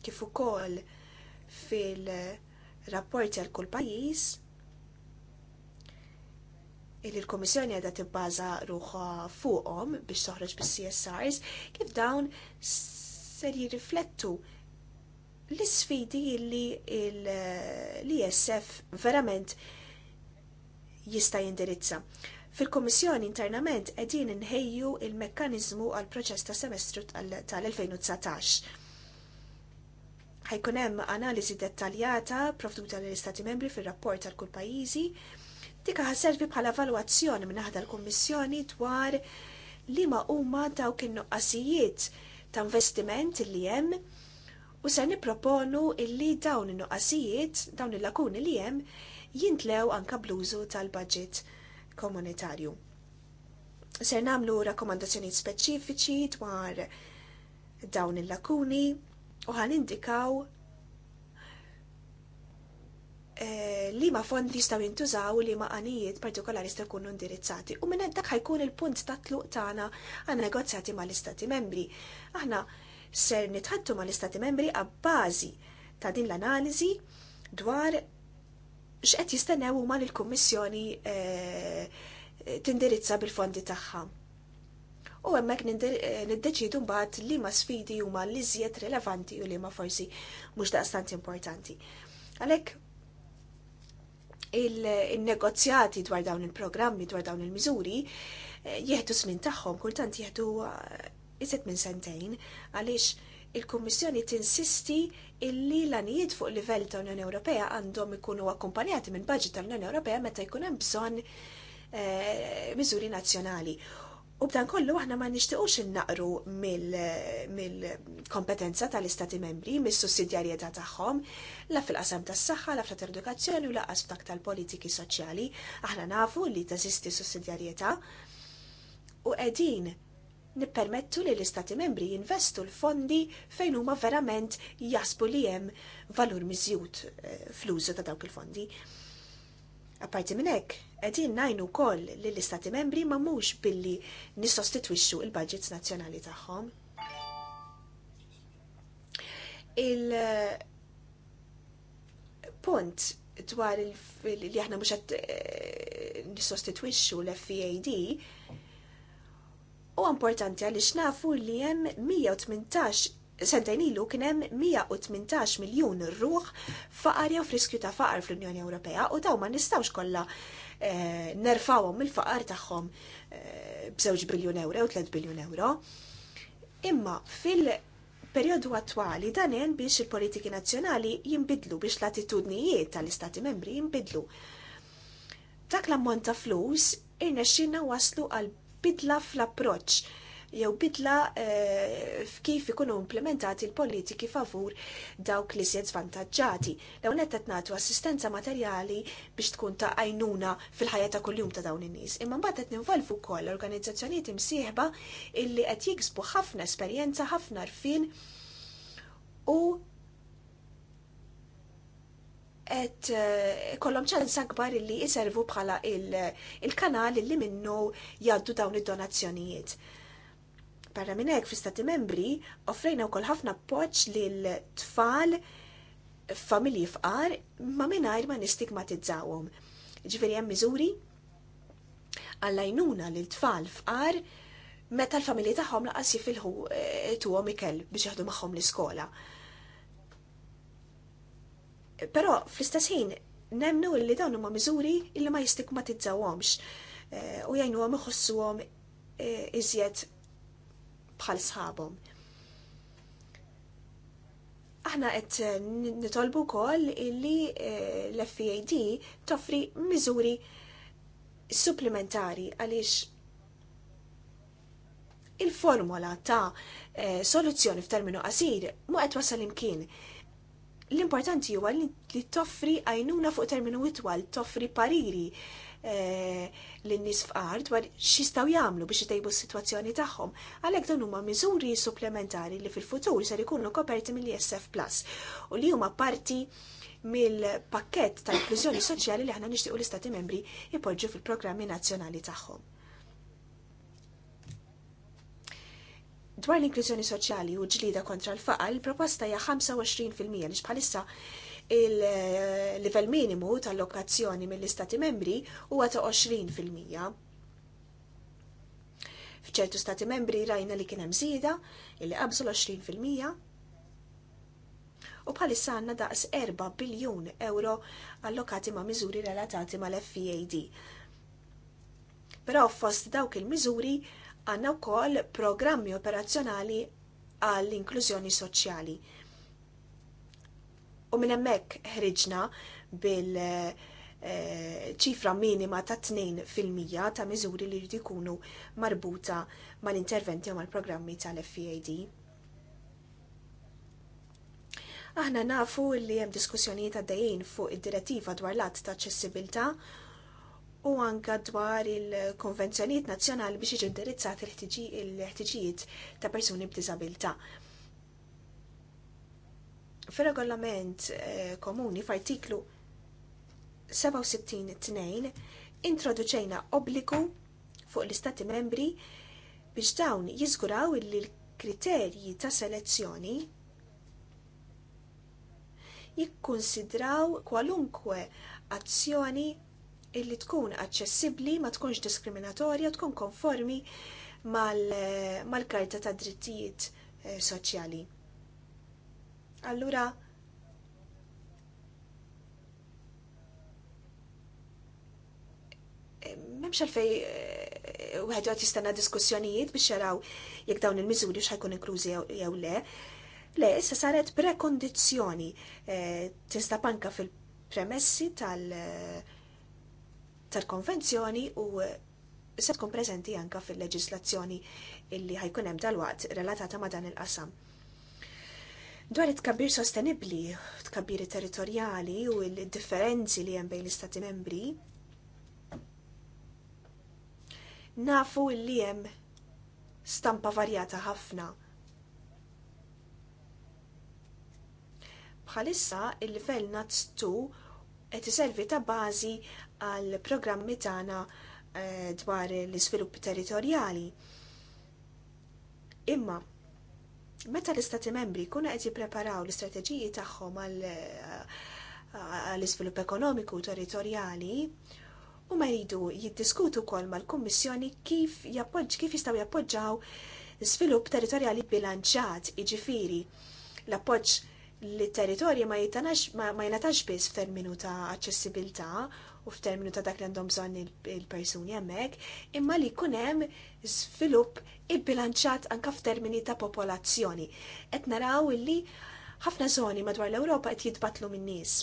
Speaker 3: kif ukoll fil-rapporti għal kull pajjiż illi l-Komissjoni għadha tibbaża ruħha fuqhom biex toħroġ bis-CSRs, kif dawn ser jirriflettu l-isfidi li l-ISF verament jista' jindirizza. Fil-Kommissjoni internament qegħdin inħejju il-mekkaniżmu għal proċess ta' semestru tal-2019. Ħajkun hemm analiżi dettaljata provduta lill-Istati Membri fir-rapport tal kull pajjiżi. Dik ħasservi bħala valwazzjoni minn aħda l-Kummissjoni dwar liema huma dawk in-nuqqasijiet ta' investiment li hemm u se nipproponu illi dawn in-nuqqasijiet, dawn il-lakuni li hemm jintlew anka bluzu tal-budget komunitarju. Ser namlu rakkomandazzjoni speċifiċi dwar dawn il-lakuni u ħan indikaw eh, li ma fond jistaw jintużaw li ma għanijiet partikolari jistaw kunu indirizzati. U minn dak ħajkun il-punt ta' tluq tagħna għan negozjati ma' l-Istati membri. Aħna ser nitħattu ma' l-Istati membri għabbażi ta' din l-analiżi dwar x'qed jistennew huma li l-Kummissjoni eh, tindirizza bil-fondi tagħha. U hemmhekk eh, niddeċidu mbagħad li ma sfidi huma li żjed rilevanti u li ma forsi mhux daqstant importanti. Għalhekk il-negozjati dwar dawn il-programmi, dwar dawn il-miżuri, eh, jieħdu żmien tagħhom, kultant jieħdu iżet minn sentejn, għaliex il-Kummissjoni tinsisti illi l-anijiet fuq livell ta' Unjoni Ewropea għandhom ikunu akkumpanjati minn budget tal-Unjoni Ewropea meta jkun hemm bżonn eh, miżuri nazzjonali. U b'dan kollu aħna ma nixtiequx innaqru mill-kompetenza tal-Istati membri, mis-sussidjarjetà tagħhom, la fil-qasam tas-saħħa, la fil edukazzjoni u laqas f'dak tal-politiki soċjali. Aħna nafu li teżisti sussidjarjetà u qegħdin nippermettu li l-Istati membri jinvestu l-fondi fejn huma verament jasbu li hemm valur miżjud eh, fl-użu ta' dawk il-fondi. Apparti minn hekk, qegħdin ngħinu wkoll li l-Istati membri ma mhux billi nissostitwixxu il-budgets nazzjonali tagħhom. Il-punt eh, dwar li aħna mhux qed eh, nissostitwixxu l-FEAD U importanti għaliex nafu li hemm 118 sentejn ilu kien hemm 118 miljun ruħ faqarja u friskju ta' faqar fl-Unjoni Ewropea u daw ma nistgħux kollha eh, nerfawhom mill-faqar tagħhom eh, b'żewġ biljun euro u 3 biljun euro. Imma fil-perjodu attwali dan hemm biex il-politiki nazzjonali jinbidlu biex l-attitudnijiet tal-Istati membri jinbidlu. Dak l-ammont ta' flus irnexxinna waslu għal bidla fl-approċ jew bidla eh, f'kif ikunu implementati l-politiki favur dawk li se zvantaġġati. Law qed nagħtu assistenza materjali biex tkun ta' għajnuna fil-ħajja ta' kuljum ta' dawn in-nies. Imma mbagħad qed ninvolvu wkoll organizzazzjonijiet imsieħba illi qed jiksbu ħafna esperjenza, ħafna rfin u et eh, kollom ċans akbar illi jiservu bħala il-kanal illi minnu jaddu dawn id-donazzjonijiet. Barra minn hekk stati Membri offrejna wkoll ħafna appoġġ lil tfal familji fqar ma mingħajr ma nistigmatizzawhom. Ġifieri hemm miżuri għallajnuna lil tfal fqar meta l-familji tagħhom laqas jifilħu eh, tuħom ikel biex jaħdu magħhom l-iskola. Però fl-istess ħin nemnu li dawn huma miżuri illi ma jistigmatizzawhomx eh, u jgħinuhom iħossuhom eh, iżjed bħal sħabhom. Aħna qed eh, nitolbu wkoll illi l-FAD e toffri miżuri supplementari għaliex il-formola ta' soluzzjoni f'terminu qasir mu qed wasal imkien L-importanti huwa li toffri għajnuna fuq terminu itwal, toffri pariri eh, l-nis fqar dwar xistaw jamlu biex jtejbu s-situazzjoni tagħhom. Għalhekk dan huma miżuri supplementari li fil-futur ser ikunu koperti mill-ISF Plus u li huma parti mill-pakket ta' inklużjoni soċjali li aħna nixtiequ l-Istati membri jpoġġu fil-programmi nazzjonali tagħhom. Dwar l-inklużjoni soċjali u ġlida kontra l faqal il-proposta hija 25% li bħalissa il-livell minimu tal-lokazzjoni mill-Istati membri huwa ta' 20%. F'ċertu Stati membri rajna li kien hemm żieda illi qabżu l-20%. U bħalissa għandna daqs 4 biljun euro allokati ma' miżuri relatati mal fvad e Però fost dawk il-miżuri għanna wkoll programmi operazzjonali għall-inklużjoni soċjali. U minn hemmhekk ħriġna bil eh, ċifra minima ta' 2% ta' miżuri li jridu jkunu marbuta mal-interventi u mal-programmi tal-FEAD. Aħna nafu li hemm diskussjonijiet għaddejjin fuq id-direttiva dwar l-att ta' ċessibilta u anka dwar il-konvenzjonijiet nazzjonali biex iġu indirizzati l-ħtiġijiet ta' persuni b'diżabilità. Fir-regolament eh, komuni f'artiklu 67.2 introduċejna obbligu fuq l-Istati membri biex dawn jiżguraw li l-kriterji ta' selezzjoni jikkonsidraw kwalunkwe azzjoni illi tkun aċċessibbli, ma tkunx diskriminatorja, tkun konformi mal-karta mal ta' drittijiet eh, soċjali. Allura, eh, memx għalfej u eh, għed għat jistanna diskussjonijiet biex jaraw jek dawn il-mizuri xħajkun inkluzi jew le. Le, issa saret prekondizjoni tista' panka fil-premessi tal- tal-konvenzjoni u se tkun preżenti anka fil-leġislazzjoni illi ħajkun hemm tal-waqt relatata ma' dan il-qasam. Dwar it-tkabbir sostenibli, tkabbiri territorjali u l-differenzi li hemm bejn l-istati membri, nafu li hemm stampa varjata ħafna. Bħalissa il-livell nazz qed iservi ta' bażi għal programmi tagħna eh, dwar l-iżvilupp territorjali. Imma meta l-istati membri kuna qed jippreparaw l-istrateġiji tagħhom għall eh, iżvilupp ekonomiku territorjali, u ma jridu jiddiskutu kol mal-Kummissjoni kif jappoġġ kif jistgħu jappoġġaw l-iżvilupp territorjali bilanċat iġifiri. L-appoġġ li territorji ma jingħatax biss f'terminu ta' aċċessibilità u f'terminu ta' dak li għandhom bżonn il-persuni hemmhekk, imma li jkun hemm żvilupp ibbilanċat anke f'termini ta' popolazzjoni. Qed naraw illi ħafna żoni madwar l-Ewropa qed jitbatlu min-nies.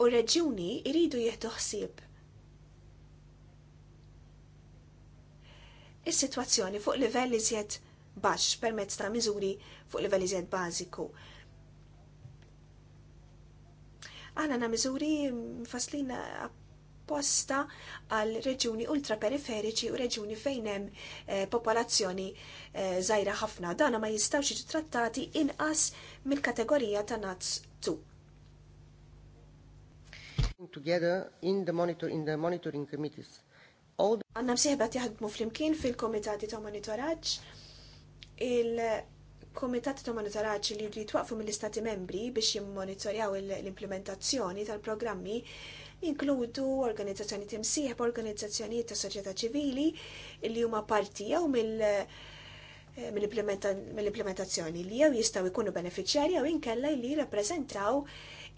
Speaker 3: U reġjuni jridu jieħdu ħsieb is-sitwazzjoni fuq livell iżjed baxx permezz ta' miżuri fuq livell iżjed bażiku Għana na miżuri faslin apposta għal reġuni ultraperiferiċi u reġuni fejnem eh, popolazzjoni eh, zaħira ħafna. Dana ma jistawx trattati inqas mill-kategorija ta' nazz 2.
Speaker 1: Together in the monitor in the monitoring committees.
Speaker 3: Għanna msieħbat jaħdmu fl-imkien fil-komitati ta' monitoraġġ il- komitat ta' monitoraġġ li jridu twaqfu mill-Istati membri biex jimmonitorjaw l-implementazzjoni tal-programmi inkludu organizzazzjoni timsieħ organizzazzjonijiet ta' soċjetà ċivili li huma parti jew mill- mill-implementazzjoni li jew jistgħu jkunu beneficjari jew inkella li jirrappreżentaw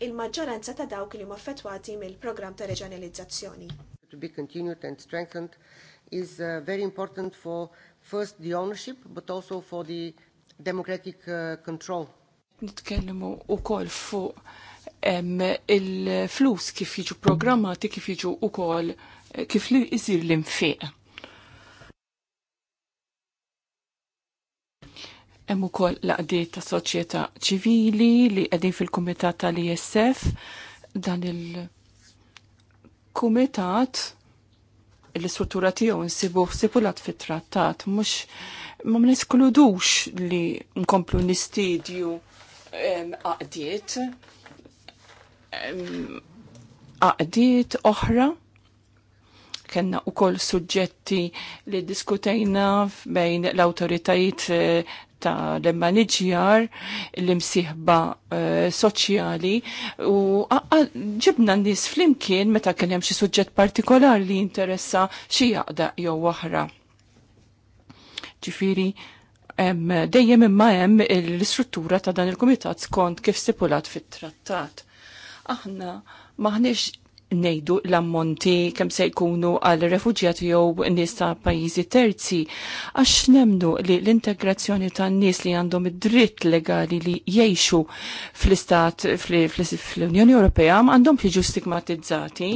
Speaker 3: il-maġġoranza ta' dawk li huma affettwati mill-programm ta' reġjonalizzazzjoni.
Speaker 1: To be continued and strengthened is uh, very important for first the ownership but also for the democratic uh, control. Nitkellmu u koll fuq il-flus kif jiġu programmati, kif jiġu u koll kif li jizir l-infiq. Hemm ukoll laqdiet ta' soċjetà ċivili li qegħdin fil-kumitat tal-ISF dan il-kumitat l-istruttura tiegħu nsibu sipulat fit-trattat mhux ma neskludux li nkomplu nistidju għaqdiet għaqdiet oħra kena u koll suġġetti li diskutejna bejn l autoritajt eh, ta' l liġjar l-imsiħba eh, soċjali u ġibna n-nis flimkien meta kien hemm xi suġġett partikolari li jinteressa xi jaqda jew oħra. Ġifiri, dejjem imma hemm l-istruttura ta' dan il-kumitat skont kif stipulat fit-trattat. Aħna maħniex nejdu l-ammonti kem se jkunu għal refugjati jew nies ta' pajjiżi terzi għax nemnu li l-integrazzjoni ta' nies li għandhom id-dritt legali li jgħixu fl-istat fl-Unjoni Ewropea għandhom jiġu stigmatizzati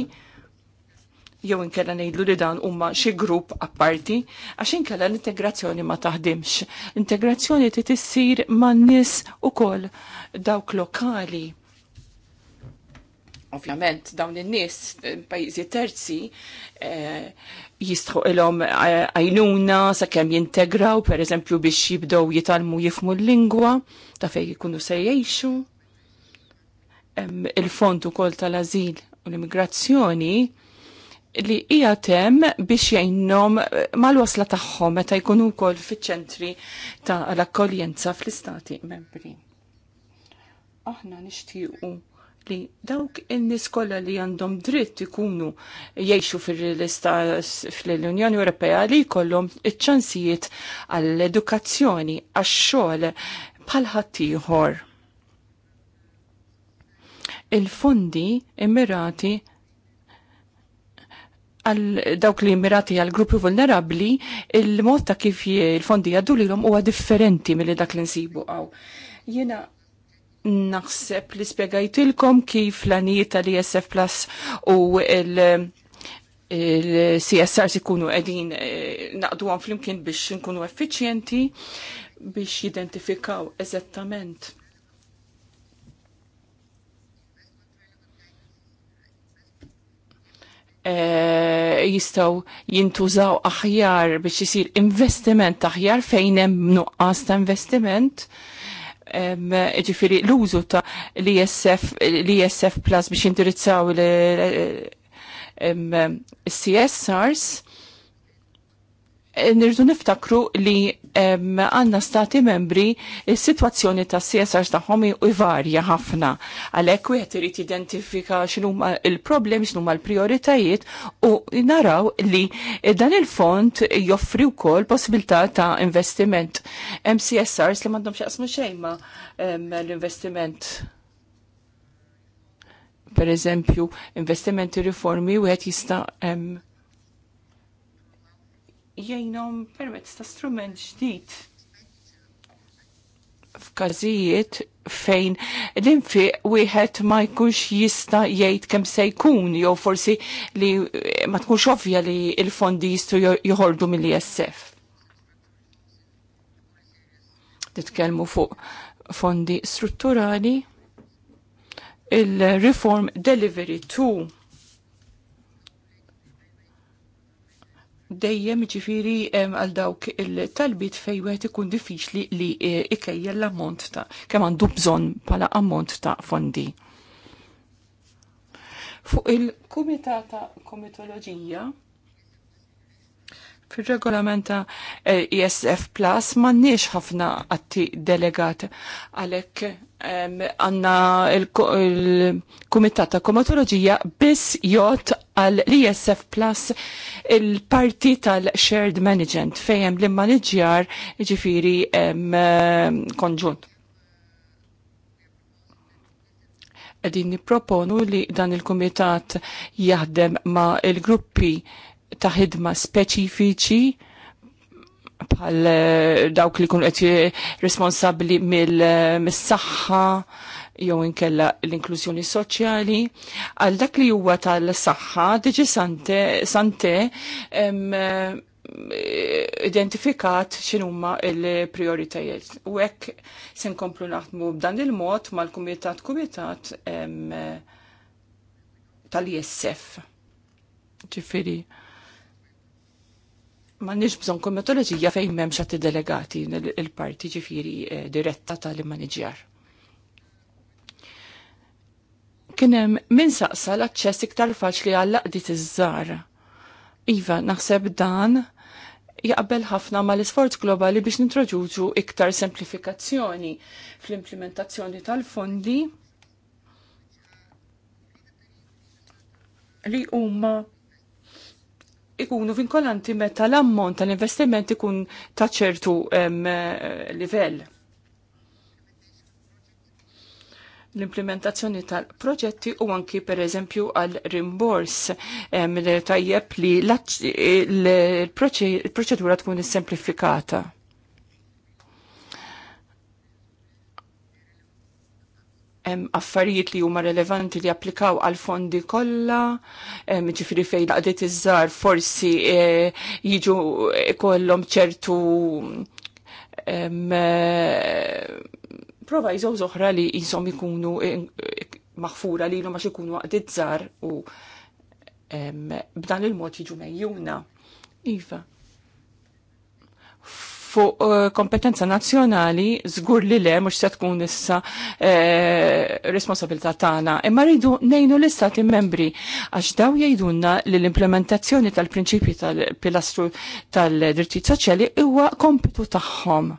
Speaker 1: jew inkella ngħidlu li dan huma xi grupp apparti għax inkella l-integrazzjoni ma taħdimx. Integrazzjoni trid issir man-nies ukoll dawk lokali. Ovvjament dawn in-nies eh, pajjiżi terzi eh, jistħu ilhom eh, għajnuna sakemm jintegraw pereżempju biex jibdew jitalmu jifmu l-lingwa ta' fejn jkunu se jgħixu. Il-fond ukoll tal ażil u l-immigrazzjoni li hija tem biex jgħinhom mal-wasla tagħhom meta jkunu wkoll fiċ-ċentri ta' l-akkoljenza fl-istati membri. Aħna nixtiequ li dawk in-nies kollha li għandhom dritt ikunu jgħixu fil-Unjoni Ewropea li jkollhom iċ-ċansijiet għall-edukazzjoni, għax-xogħol bħal ħaddieħor. Il-fondi immirati għal dawk li mirati għal gruppi vulnerabli, il-mod ta' kif il-fondi għaddu li huwa differenti mill dak li nsibu għaw. Jena naħseb li spiegajtilkom kif l-anijiet tal-ISF Plus u il- il-CSR sikunu edin eh, naqdu għan flimkien biex nkunu effiċjenti biex jidentifikaw eżattament Eh, jistaw jintużaw aħjar biex jisir investiment aħjar fejn hemm nuqqas ta' investiment ġifiri l-użu ta' l-ISF Plus biex jindirizzaw l-CSRs nirdu niftakru li għanna stati membri il-situazzjoni ta' CSR homi u varja ħafna. Għalek u jħet irrit identifika xinuma il-problemi, xinuma l-prioritajiet u naraw li dan il-fond joffri u kol possibilità ta' investiment. MCSRs li mandom xaqsmu xejma l-investiment per eżempju, investimenti riformi u għet jista' jajnom permezz ta' strument ġdid f'każijiet fejn l-infiq wieħed ma jkunx jista' jgħid kemm se jkun jew forsi li ma tkunx ovvja li l-fondi jistgħu joħordu mill-ISF. Titkellmu fuq fondi strutturali il-Reform Delivery to. dejjem ġifiri għal dawk il-talbit fej wieħed ikun diffiċli li e, ikejja l-ammont ta' kemm għandu bżonn bħala ammont ta' fondi. Fuq il-Kumitata Komitoloġija Fil-regolamenta ISF e Plus mannix ħafna għatti delegat għalek għanna il-Kumitat ta' Komatologija biss jot għal l-ESF Plus il-parti tal-Shared Management fejem li manager ġifiri konġunt. Għedin niproponu li dan il-Kumitat jaħdem ma' il-gruppi ta' ħidma speċifiċi bħal eh, dawk li kun qed responsabbli mill-saħħa eh, jew inkella l-inklużjoni soċjali għal dak li huwa tal-saħħa diġi sante sante eh, identifikat x'inhuma l-prioritajiet. U hekk se nkomplu naħdmu b'dan il-mod mal-kumitat kumitat tal-ISF. Ġifieri ma nix bżon komitologija fejn memx għati delegati il-parti ġifiri eh, diretta tal-manager. Kienem min saqsa l-access iktar faċli għall dit iż-żar. Iva, naħseb dan jaqbel ħafna ma l-isforz globali biex nintroduġu iktar semplifikazzjoni fl-implementazzjoni tal-fondi li huma ikunu vinkolanti meta l-ammont tal-investiment ikun ta' ċertu livell. L-implementazzjoni tal-proġetti u anki per eżempju għal rimbors mill tajjeb li l-proċedura tkun semplifikata affarijiet li huma relevanti li applikaw għal fondi kollha, ġifieri fejn laqdiet iż-żar forsi e, jiġu e, kollhom ċertu e, prova jżow zoħra li jisom ikunu maħfura li l-ma ikunu għadid żar u b'dan il-mod jiġu mejjuna. Iva fuq eh, kompetenza nazzjonali żgur li le mhux se tkun issa eh, responsabilità tagħna. Imma rridu ngħinu l-istati membri għax daw jgħidulna li l-implementazzjoni tal-prinċipji tal-pilastru tal-drittijiet soċjali huwa kompitu tagħhom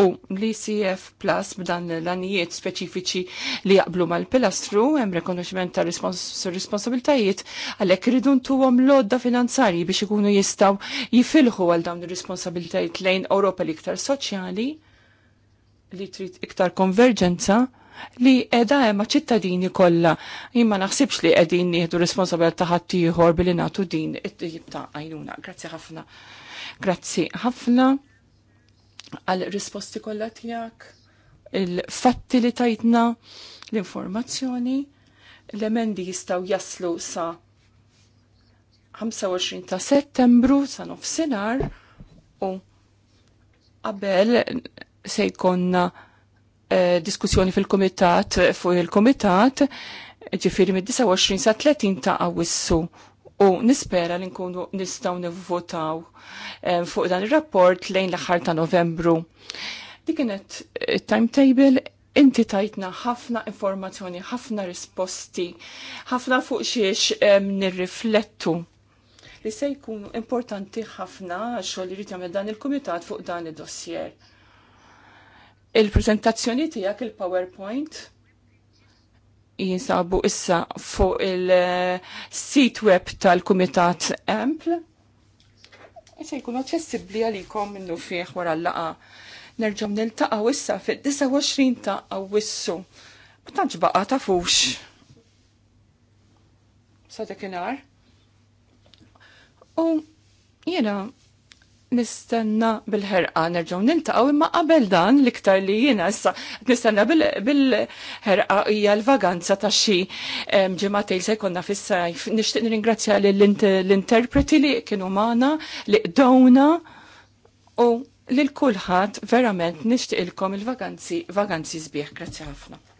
Speaker 1: u l-ICF Plus b'dan l-anijiet speċifiċi li jaqblu mal-pilastru hemm rekonoxximent ta' responsabiltajiet għalhekk iridu ntuhom lodda finanzarji biex ikunu jistgħu jifilħu għal dawn ir-responsabiltajiet lejn Ewropa li iktar soċjali li trid iktar konverġenza li edha ma ċittadini kollha imma naħsibx li qegħdin nieħdu responsabilità ta' ħaddieħor billi nagħtu din it-tip ta' għajnuna. Grazzi ħafna. Grazzi ħafna għal risposti kollha tiegħek, il-fatti li tajtna, l-informazzjoni, l-emendi jistgħu jaslu sa 25 ta' settembru sa nofsinhar u qabel se jkollna eh, diskussjoni fil-komitat fuq il-komitat ġifiri mid-29 sa 30 ta' awissu u nispera li nkunu nistaw nivvotaw eh, fuq dan il-rapport lejn l-aħħar ta' Novembru. Di kienet eh, timetable inti tajtna ħafna informazzjoni, ħafna risposti, ħafna fuq xiex nirriflettu li se jkun importanti ħafna xogħol li jagħmel dan il-kumitat fuq dan id-dossier. Il-preżentazzjoni tiegħek il-PowerPoint jinsabu issa fuq il-sit web tal-Kumitat Ampl. Se jkun aċċessibbli għalikom minnu fieħ wara l-laqa. Nerġom niltaqgħu issa fit-29 ta' Awwissu. Ma tantx baqa' tafux. Sa dekinhar. U jena, nistenna bil-ħerqa nerġgħu niltaqgħu imma qabel dan l-iktar li jiena issa nistenna bil-ħerqa hija l-vaganza ta' xi ġimgħatej se jkollna fis-sajf. Nixtieq nirringrazzja l-interpreti li kienu magħna li qdowna u lil kulħadd verament nixtieq ilkom il-vaganzi vaganzi sbieħ. Grazzi ħafna.